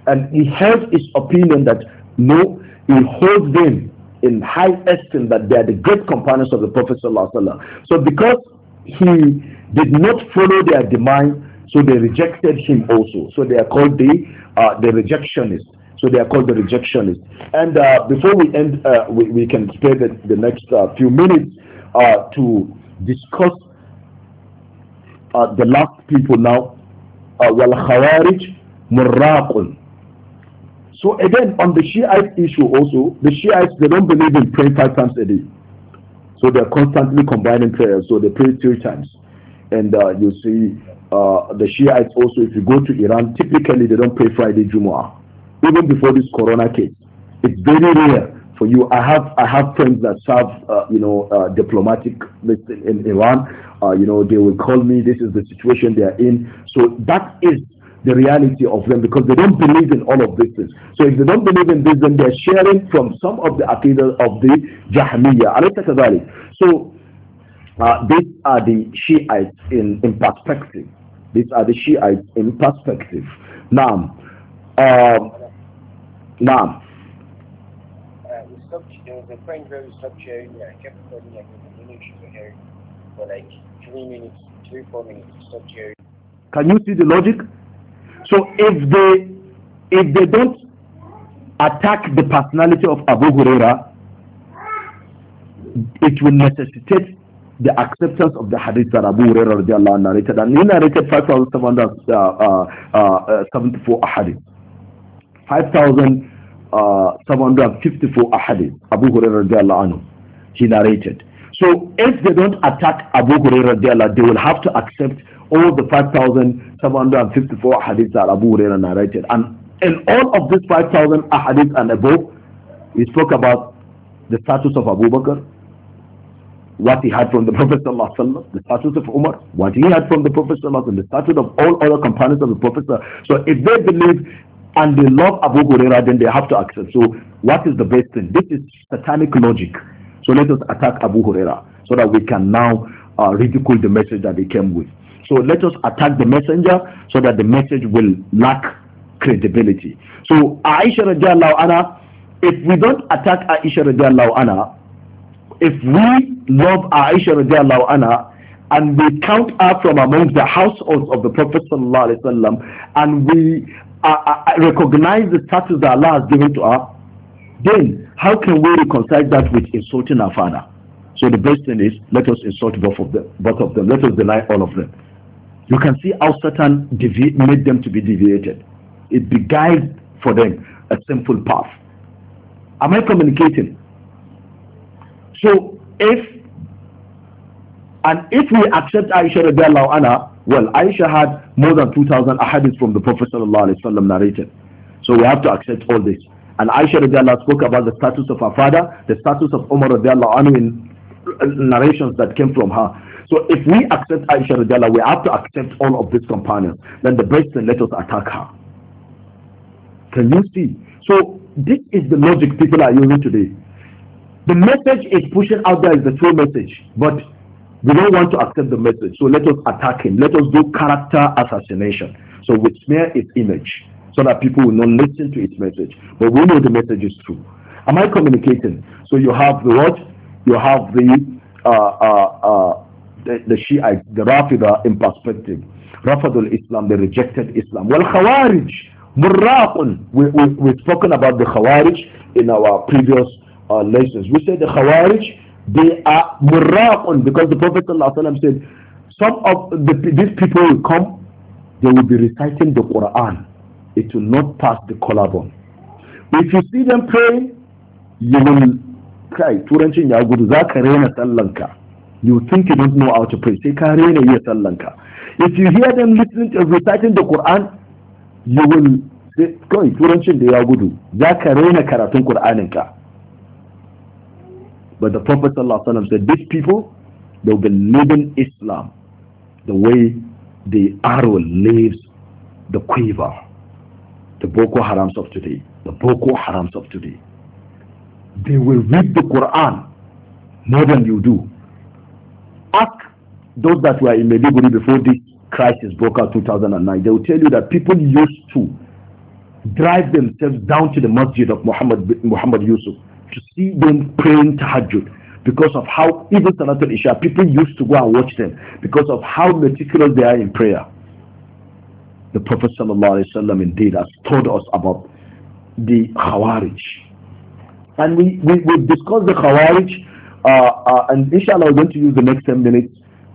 And he has his opinion that no, he holds them in high esteem that they are the great companions of the Prophet. So because he did not follow their demand, so they rejected him also. So they are called the uh, the rejectionists. So they are called the rejectionists. And uh, before we end, uh, we, we can spare the, the next uh, few minutes uh, to discuss uh, the last people now. Wal Khawarij Murraqun. So again, on the Shiite issue also, the Shiites, they don't believe in praying five times a day. So they're constantly combining prayers. So they pray three times. And you see uh, the Shiites also, if you go to Iran, typically they don't pray Friday Jumu'ah. Even before this corona case, it's very rare for you. I have I have friends that serve, uh, you know, uh, diplomatic in, in Iran. Uh, you know, they will call me. This is the situation they are in. So that is the reality of them because they don't believe in all of this. So if they don't believe in this, then they're sharing from some of the aqidah of the Jahmiyyah. So uh, these are the Shiites in, in perspective. These are the Shiites in perspective. Now, um, now. Uh, there was a French road structure I yeah, Capricorn, like the minutes were here for like three minutes, three, four minutes structure. Can you see the logic? So if they if they don't attack the personality of Abu Huraira, it will necessitate the acceptance of the hadith that Abu Hurairah narrated, and he narrated 5,774 uh, uh, uh, ahadith. 5,754 ahadith, Abu Hurairah he narrated. So if they don't attack Abu Hurairah, they will have to accept all the 5,754 hadiths that Abu Hurairah narrated. And in all of these 5,000 hadiths and above, we spoke about the status of Abu Bakr, what he had from the Prophet ﷺ, the status of Umar, what he had from the Prophet ﷺ, the status of all other companions of the Prophet So if they believe and they love Abu Huraira, then they have to accept. So what is the best thing? This is satanic logic. So let us attack Abu Huraira so that we can now uh, ridicule the message that they came with. So let us attack the messenger so that the message will lack credibility. So Aisha radiallahu anha, if we don't attack Aisha radiallahu anha, if we love Aisha radiallahu anha and we count her from amongst the households of the Prophet sallallahu wasallam and we uh, uh, uh, recognize the status that Allah has given to her, then how can we reconcile that with insulting our father? So the best thing is let us insult both of them. Both of them. Let us deny all of them. You can see how Satan made them to be deviated. It beguiled for them a sinful path. Am I communicating? So if and if we accept Aisha radiallahu anha, well, Aisha had more than 2,000 ahadith from the Prophet sallallahu alaihi wasallam narrated. So we have to accept all this. And Aisha radiallahu spoke about the status of her father, the status of Umar radiallahu anhu in narrations that came from her. So if we accept Aisha radiallahu, we have to accept all of these companions. Then the best thing, let us attack her. Can you see? So this is the logic people are using today. The message is pushing out there is the true message, but we don't want to accept the message, so let us attack him. Let us do character assassination. So we smear his image so that people will not listen to his message. But we know the message is true. Am I communicating? So you have the what? You have the uh, uh, uh, the, the the Rafida in perspective. Rafadul Islam, they rejected Islam. Well, Khawarij, Murraqun. We, we, we've spoken about the Khawarij in our previous uh, lessons. We said the Khawarij, they are muraqun because the Prophet ﷺ said, some of the, these people will come, they will be reciting the Quran. It will not pass the collarbone. If you see them praying, you will cry. Turancin ya You think you don't know how to pray. If you hear them listening to reciting the Quran, you will say, turancin da ya gudu za ka rena karatun Qur'aninka. But the Prophet ﷺ said, these people, they'll be living Islam the way the arrow leaves the quiver. The Boko Harams of today, the Boko Harams of today. They will read the Quran more than you do. Ask those that were in Medjugorje before this crisis broke out 2009. They will tell you that people used to drive themselves down to the masjid of Muhammad, Muhammad Yusuf to see them praying tahajjud because of how even Salatul Isha, people used to go and watch them because of how meticulous they are in prayer. The Prophet ﷺ indeed has told us about the Khawarij. And we, we, we discussed the Khawarij, uh, uh, and inshallah, we're going to use the next 10 minutes.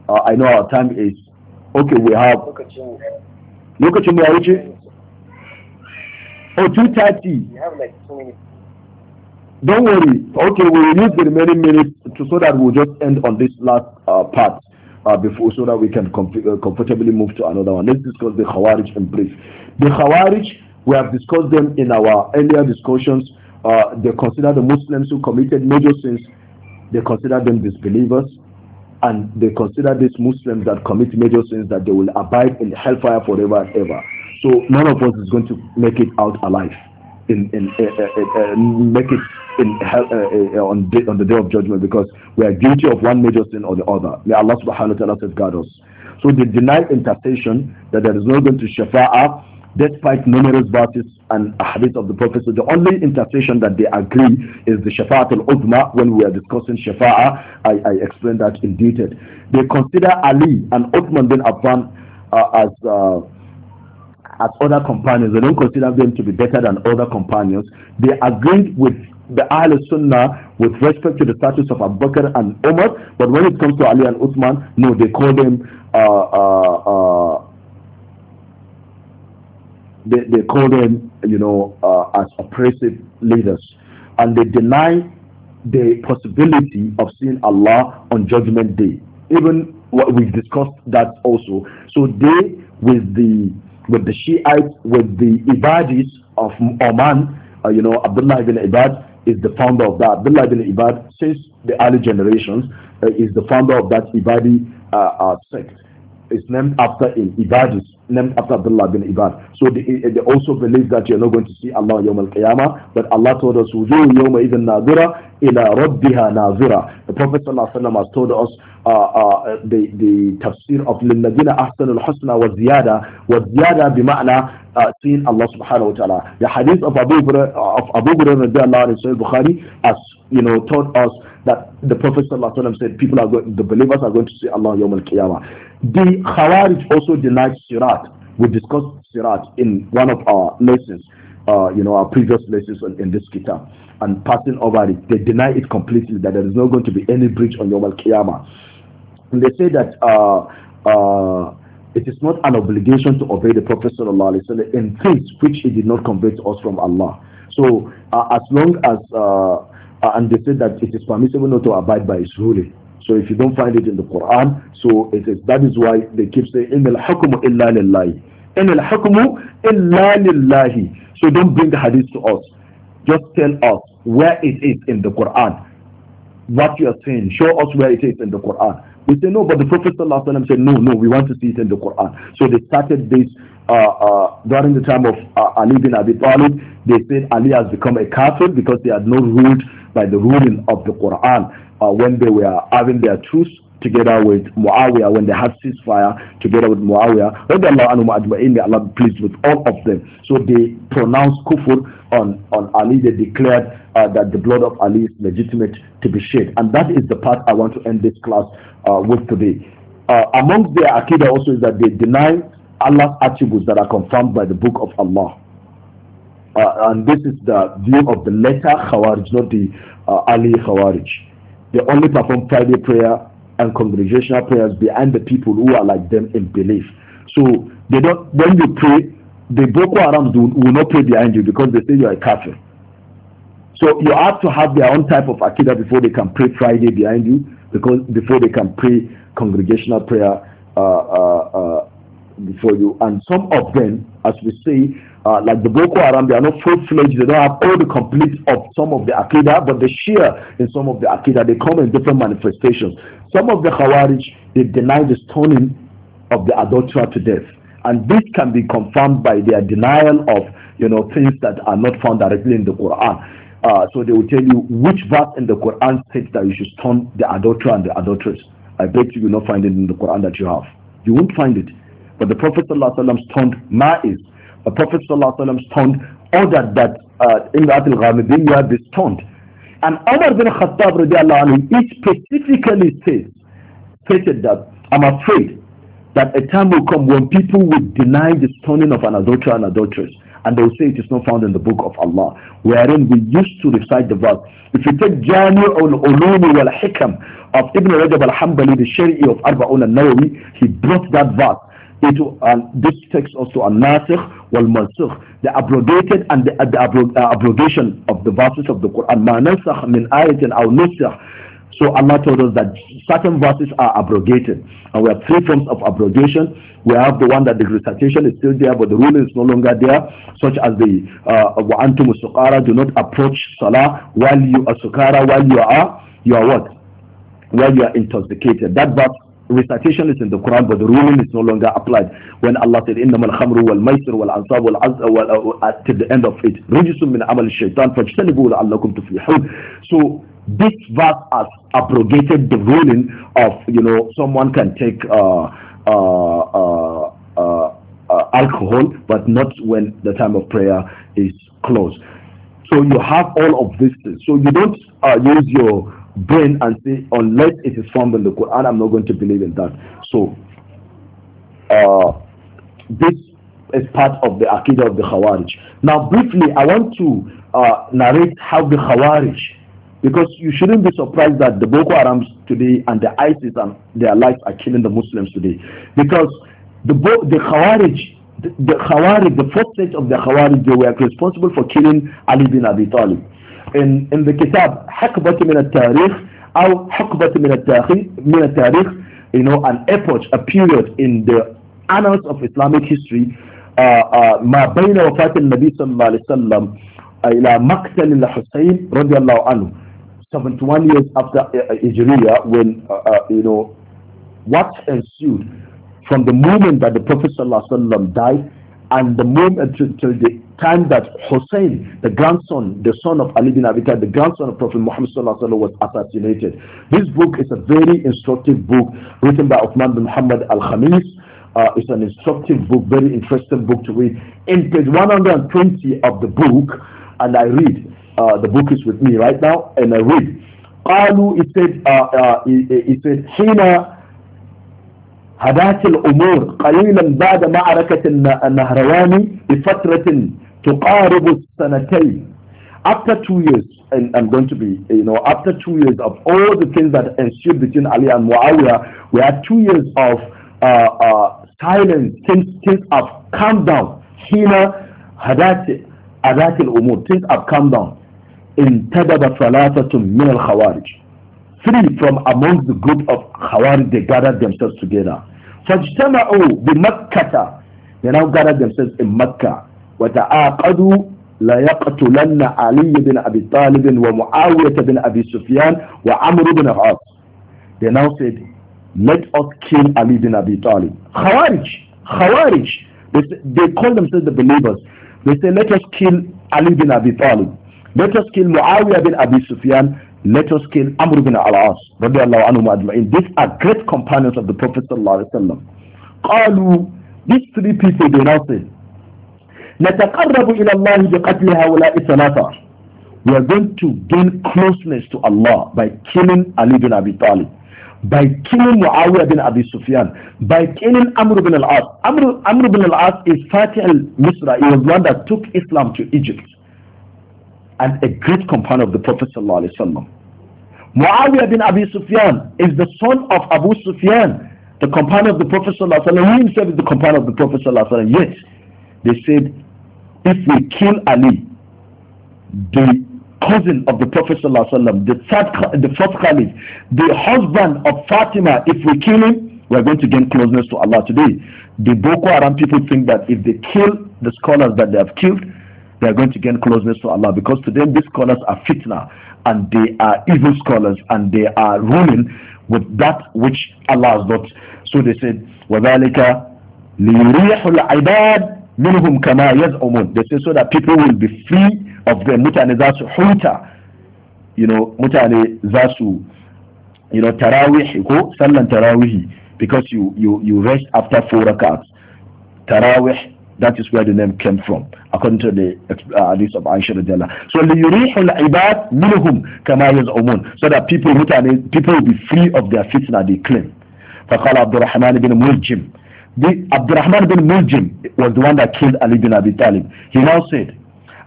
Uh, I know our time is okay. We have. Look at you, Oh, 2.30. You have like 20 minutes. Don't worry. Okay, we will use the remaining minutes to, so that we'll just end on this last uh, part uh, before, so that we can uh, comfortably move to another one. Let's discuss the Khawarij in brief. The Khawarij, we have discussed them in our earlier discussions. Uh, they consider the Muslims who committed major sins, they consider them disbelievers, and they consider these Muslims that commit major sins that they will abide in hellfire forever and ever. So none of us is going to make it out alive in, in uh, make it in hell, on, on the day of judgment because we are guilty of one major sin or the other. May Allah subhanahu wa ta'ala safeguard us. So they denied intercession that there is no going to shafa'ah despite numerous verses and hadith of the Prophet. So the only intercession that they agree is the Shafa'at al-Uzma. When we are discussing Shafa'a, I, I explained that in detail. They consider Ali and Uthman bin Affan uh, as uh, as other companions. They don't consider them to be better than other companions. They agreed with the Ahl Sunnah with respect to the status of Abu Bakr and Umar, but when it comes to Ali and Uthman, no, they call them uh, uh, uh, they, they call them you know uh, as oppressive leaders, and they deny the possibility of seeing Allah on Judgment Day. Even what we've discussed that also. So they with the with the Shiites, with the Ibadis of Oman, uh, you know, Abdullah ibn Ibad is the founder of that. Abdullah ibn Ibad, since the early generations, uh, is the founder of that Ibadi uh, uh sect is named after him, Ibad is named after Abdullah bin Ibad. So they, eh, they also believe that you're not going to see Allah Yawm al-Qiyamah. But Allah told us, وَجُوهُ يَوْمَ إِذٍ نَاظِرَةً إِلَىٰ رَبِّهَا نَاظِرَةً The Prophet ﷺ has told us uh, uh, the, the tafsir of لِلَّذِينَ أَحْسَنُ was وَالزِّيَادَةِ was بِمَعْنَى uh, seeing Allah subhanahu wa ta'ala. The hadith of Abu Hurairah of Abu Hurairah in Sahih Bukhari as you know taught us that the Prophet said people are going, the believers are going to see Allah Yawm al-Qiyamah. The Khawarij also denied Sirat. We discussed Sirat in one of our lessons, uh, you know, our previous lessons in this kitab. And passing over it, they deny it completely that there is not going to be any breach on Yawm al-Qiyamah. They say that uh, uh, it is not an obligation to obey the Prophet ﷺ in things which he did not convey to us from Allah. So uh, as long as uh, uh, and they said that it is permissible not to abide by his ruling. So if you don't find it in the Quran, so it is that is why they keep saying in al hukmu illa lillahi. In al hukmu illa lillahi. So don't bring the hadith to us. Just tell us where it is in the Quran. What you are saying, show us where it is in the Quran. We say no, but the Prophet said no, no, we want to see it in the Quran. So they started this uh, uh, during the time of uh, Ali bin Abi Talib. They said Ali has become a kafir because they had no ruled by the ruling of the Quran uh, when they were having their truce together with Muawiyah when they had ceasefire together with Muawiyah may Allah be pleased with all of them so they pronounced kufr on, on Ali they declared uh, that the blood of Ali is legitimate to be shed and that is the part I want to end this class uh, with today uh, among their akida also is that they deny Allah's attributes that are confirmed by the book of Allah uh, and this is the view of the letter Khawarij, not the uh, Ali Khawarij. They only perform Friday prayer and congregational prayers behind the people who are like them in belief. So they don't. When you pray, the Boko Haram do, will not pray behind you because they say you are a kafir. So you have to have their own type of akida before they can pray Friday behind you, because before they can pray congregational prayer uh, uh, uh, before you. And some of them, as we say, uh, like the Boko Haram, they are not full-fledged, they don't have all the complete of some of the akida, but they share in some of the akida. They come in different manifestations. Some of the Khawarij, they deny the stoning of the adulterer to death. And this can be confirmed by their denial of, you know, things that are not found directly in the Quran. Uh, so they will tell you which verse in the Quran states that you should stone the adulterer and the adulteress. I bet you will not find it in the Quran that you have. You won't find it. But the Prophet ﷺ stoned Ma'is, the Prophet ﷺ stoned, ordered that uh, Imrat al-Ghamidiyya be stoned. And Umar bin Khattab radiallahu anhu, he specifically says, stated that, I'm afraid that a time will come when people will deny the stoning of an adulterer and adulteress. And they will say it is not found in the book of Allah, wherein we used to recite the verse. If you take Jami al-Ulumi wal-Hikam of Ibn Rajab al-Hanbali, the Shari'i of Arba'un al-Nawawi, he brought that verse uh, this takes us to nasikh wal mansukh the abrogated and the, uh, the uh, abrogation of the verses of the Quran ma nansakh min ayatin aw nusikh so Allah told us that certain verses are abrogated and we have three forms of abrogation we have the one that the recitation is still there but the ruling is no longer there such as the uh, wa antum sukara do not approach salah while you are sukara while you are you are what while you are intoxicated that verse recitation is in the Quran, but the ruling is no longer applied. When Allah said, إِنَّمَا الْخَمْرُ وَالْمَيْسِرُ وَالْأَنْصَابُ وَالْعَزْءُ to the end of it. So this verse has abrogated the ruling of, you know, someone can take uh uh, uh, uh, uh, alcohol, but not when the time of prayer is closed. So you have all of these things. So you don't uh, use your brain and say, unless it is from the Quran, I'm not going to believe in that. So, uh, this is part of the akida of the Khawarij. Now, briefly, I want to uh, narrate how the Khawarij, because you shouldn't be surprised that the Boko Harams today and the ISIS and their likes are killing the Muslims today. Because the, Bo the Khawarij, the, the Khawarij, the first state of the Khawarij, they were responsible for killing Ali bin Abi Talib in, in the kitab حقبة من التاريخ أو حقبة من التاريخ من التاريخ you know an epoch a period in the annals of Islamic history ما بين وفاة النبي صلى الله عليه وسلم إلى مقتل الحسين رضي الله عنه 71 years after uh, uh, Ijriya when uh, uh, you know what ensued from the moment that the Prophet ﷺ died and the moment until uh, the time that Hussein, the grandson, the son of Ali bin Abi Talib, the grandson of Prophet Muhammad sallallahu was assassinated. This book is a very instructive book written by Uthman bin Muhammad al-Khamis. Uh, it's an instructive book, very interesting book to read. In page 120 of the book, and I read, uh, the book is with me right now, and I read. قالوا, it said, he said, حين uh, uh, هدات الأمور قليلا بعد معركة النهرواني بفترة تقارب السنتين after two years, and I'm going to be, you know, after two years of all the things that ensued between Ali and Muawiyah, we had two years of uh, uh, silence. Things, things have calmed down. Hina hadat al-umur. Things have calmed down. In Intadaba salatatun min al-khawarij. Three from among the group of khawarij, they gathered themselves together. فاجتمعوا بمكة They now gathered themselves in Mecca. وتعاقدوا ليقتلن علي بن أبي طالب ومعاوية بن أبي سفيان وعمر بن عاص. They now said, let us kill Ali bin Abi Talib. Khawarij, Khawarij, they, they call themselves the believers. They say, let us kill Ali bin Abi Talib. Let us kill Muawiyah bin Abi Sufyan let us kill Amr ibn al-As These are great companions of the Prophet sallallahu alaihi wasallam. These three people they now say, نتقرب إلى الله بقتل هؤلاء الثلاثة. We are going to gain closeness to Allah by killing Ali bin Abi Talib, by killing Muawiyah bin Abi Sufyan, by killing Amr bin al-As. Amr, Amr bin al-As is Fatih al-Misra. He was one that took Islam to Egypt and a great companion of the Prophet sallallahu alaihi wasallam. Muawiyah bin Abi Sufyan is the son of Abu Sufyan, the companion of the Prophet sallallahu alaihi wasallam. He himself is the companion of the Prophet sallallahu alaihi wasallam. Yet they said, if we kill Ali, the cousin of the Prophet sallallahu alaihi wasallam, the third, the fourth caliph, the husband of Fatima, if we kill him, we are going to gain closeness to Allah today. The Boko Haram people think that if they kill the scholars that they have killed, they are going to gain closeness to Allah because to them these scholars are fitna and they are evil scholars and they are ruling with that which Allah has not. So they said, وَذَلِكَ لِيُرِيحُ الْعِبَادِ مِنْهُمْ كَمَا يَزْعُمُونَ They say so that people will be free of them. Mutane za su you know, mutane za you know, tarawih ko sallan tarawihi because you, you, you rest after four rakats. Tarawih that is where the name came from, according to the uh, of Aisha Radela. So ibad minhum So that people who can, people will be free of their fitna they claim. فقال عبد الرحمن بن ملجم the Abdurrahman bin Muljim was the one that killed Ali bin Abi Talib. He now said,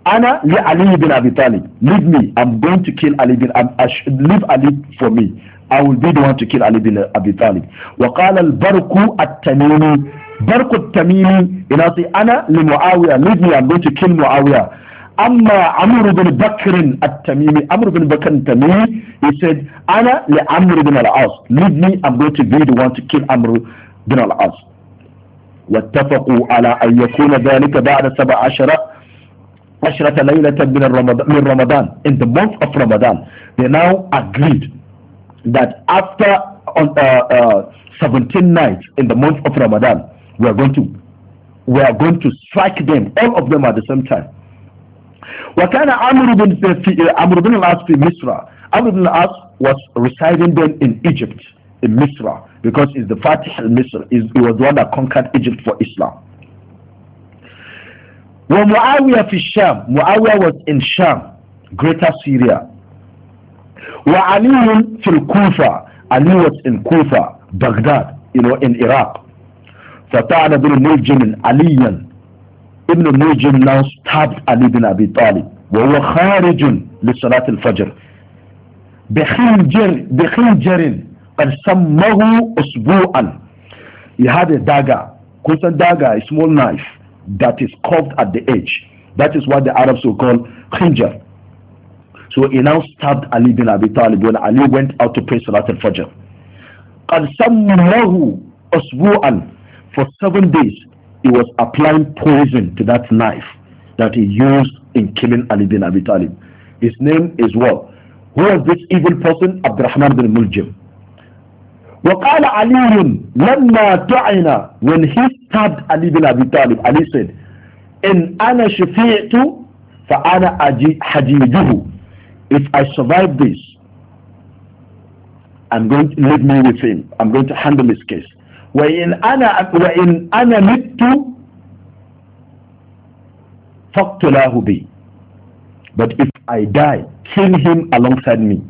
Anna li Ali bin Abi Talib, leave me. I'm going to kill Ali bin Abi Leave Ali for me. I will be the one to kill Ali bin Abi Talib. وقال البرق التميمي barkut tamimi ina sai ana li muawiya leave me i'm going to kill muawiya amma amr bin bakr at-tamimi amr bin bakr at-tamimi he said ana li amr bin al aas Lead me i'm going to be the one to kill amr bin al aas واتفقوا على أن يكون ذلك بعد 17 عشرة عشرة ليلة من رمضان من رمضان in the month of Ramadan they now agreed that after on uh, uh, 17 nights in the month of Ramadan we are going to we are going to strike them all of them at the same time وكان عمرو بن Amr بن العاص في مصر Amr بن العاص was residing then in Egypt in Misra because he's the Fatih al-Misr he was the one that conquered Egypt for Islam ومعاوية في الشام معاوية was in Sham greater Syria وعلي في الكوفة Ali was in Kufa Baghdad you know in Iraq Satana bin Muljim عَلِيًّا إِبْنُ Muljim now stabbed عَلِيٍّ bin Abi Talib. وهو خارج لصلاة الفجر بخنجر بخنجر قد سمه أسبوعا He had a dagger, a small knife that is curved at the edge. That is what the Arabs will call khinjar. So he now stabbed Ali bin Abi Talib when Ali went out to pray Salat al-Fajr. قد سمه أسبوعا for seven days, he was applying poison to that knife that he used in killing Ali bin Abi Talib. His name is what? Who was this evil person? Abdurrahman bin Muljim. وقال علي لما تعنا when he stabbed Ali bin Abi Talib, Ali said, إن أنا شفيعت فأنا حجيجه. If I survive this, I'm going to leave me with him. I'm going to handle his case wa in in ana but if I die kill him alongside me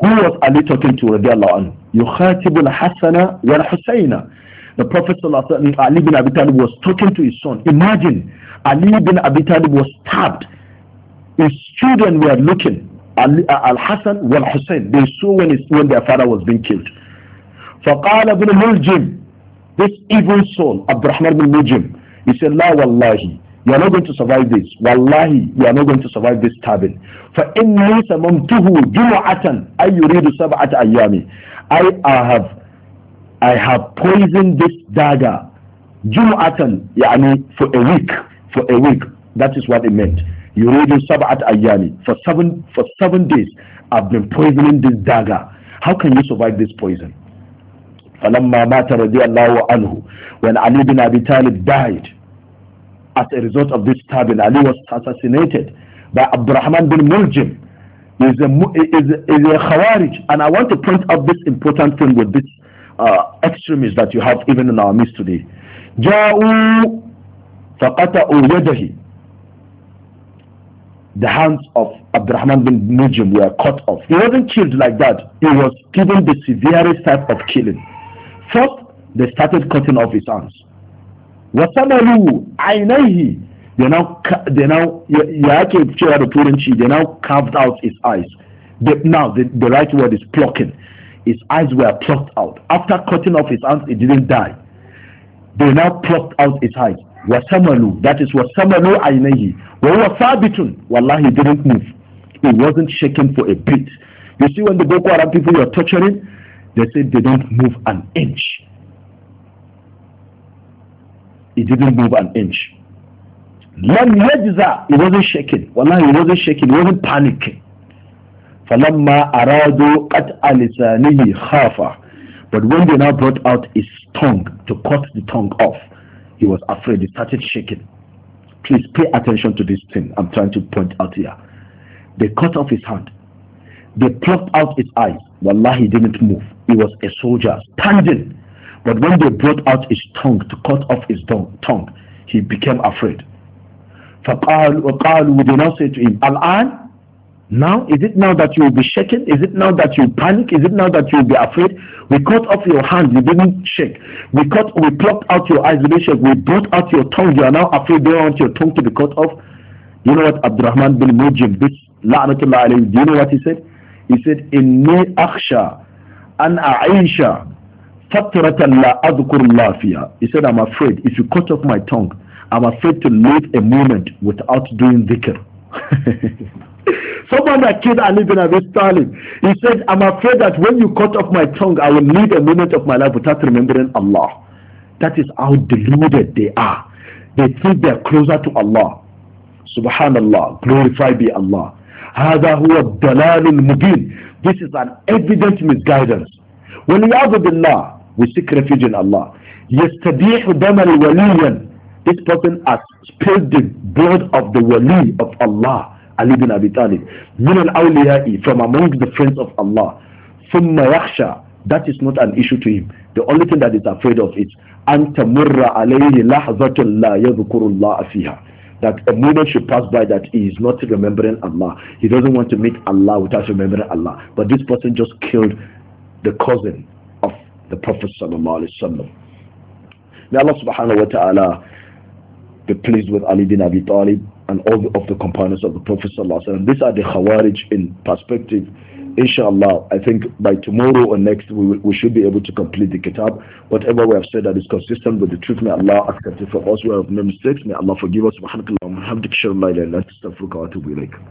who was Ali talking to radiallahu anhu yukhatibu al-hasana wa al-husayna the prophet Ali bin Abi Talib was talking to his son imagine Ali bin Abi Talib was stabbed his children were looking uh, al-Hassan wal-Hussein they saw when, his, when their father was being killed فقال ابن Muljim, this evil soul, Abdurrahman bin Muljim, he said, La wallahi, you are not going to survive this. Wallahi, you are not going to survive this stabbing. فَإِنِّي سَمَمْتُهُ jumatan, أَيْ يُرِيدُ سَبْعَةَ ayami. I have, I have poisoned this dagger. جُمُعَةً يعني for a week. For a week. That is what it meant. يُرِيدُ سَبْعَةَ ayami For seven, for seven days, I've been poisoning this dagger. How can you survive this poison? فلما مات رضي الله عنه when Ali bin Abi Talib died as a result of this stabbing Ali was assassinated by Abdurrahman bin Muljim is a, is, is a Khawarij and I want to point out this important thing with this uh, extremists that you have even in our midst today جاءوا فقطعوا يده the hands of Abdurrahman bin Muljim were cut off. He wasn't killed like that. He was given the severest type of killing. First, they started cutting off his arms. Wasamalu ainihi. They now, they now, ya ake cewa da turanci, they now carved out his eyes. They, now, the, the right word is plucking. His eyes were plucked out. After cutting off his arms, he didn't die. They now plucked out his eyes. Wasamalu. That is wasamalu ainihi. Wahuwa sabitun. Wallahi, he didn't move. He wasn't shaking for a bit. You see, when the Boko Haram people you're torturing, they said they don't move an inch. He didn't move an inch. لم يجزع he wasn't shaking والله he wasn't shaking he wasn't panicking فلما أرادوا قطع لسانه خاف but when they now brought out his tongue to cut the tongue off he was afraid he started shaking please pay attention to this thing I'm trying to point out here they cut off his hand they plucked out his eyes wallahi he didn't move he was a soldier standing. But when they brought out his tongue to cut off his tongue, he became afraid. فَقَالُوا وَقَالُوا They not say to him, Al-An, now is it now that you will be shaken? Is it now that you panic? Is it now that you will be afraid? We cut off your hand, you didn't shake. We cut, we plucked out your eyes, you didn't shake. We brought out your tongue, you are now afraid. They want your tongue to be cut off. You know what Abdurrahman bin Mujib, this la'natullah alayhi, do you know what he said? He said, me أَخْشَى an Aisha fatratan la adhkur He said, I'm afraid if you cut off my tongue, I'm afraid to live a moment without doing dhikr. Someone that killed Ali bin Abi Talib, he said, I'm afraid that when you cut off my tongue, I will live a moment of my life without remembering Allah. That is how deluded they are. They think they are closer to Allah. Subhanallah, glorified be Allah. هذا هو الضلال المبين this is an evident misguidance والعياذ بالله we seek refuge in Allah يستبيح دم الولي this person has spilled the blood of the wali of Allah Ali bin Abi Talib من الأولياء from among the friends of Allah ثم يخشى that is not an issue to him the only thing that is afraid of is أن تمر عليه لحظة لا يذكر الله فيها that a moment should pass by that he is not remembering Allah. He doesn't want to meet Allah without remembering Allah. But this person just killed the cousin of the Prophet sallallahu alaihi wasallam. May Allah subhanahu wa ta'ala be pleased with Ali bin Abi Talib and all of the companions of the Prophet sallallahu alaihi wasallam. These are the Khawarij in perspective inshallah, I think by tomorrow or next, we, will, we should be able to complete the kitab. Whatever we have said that is consistent with the truth, may Allah accept it for us. We have made mistakes. May Allah forgive us.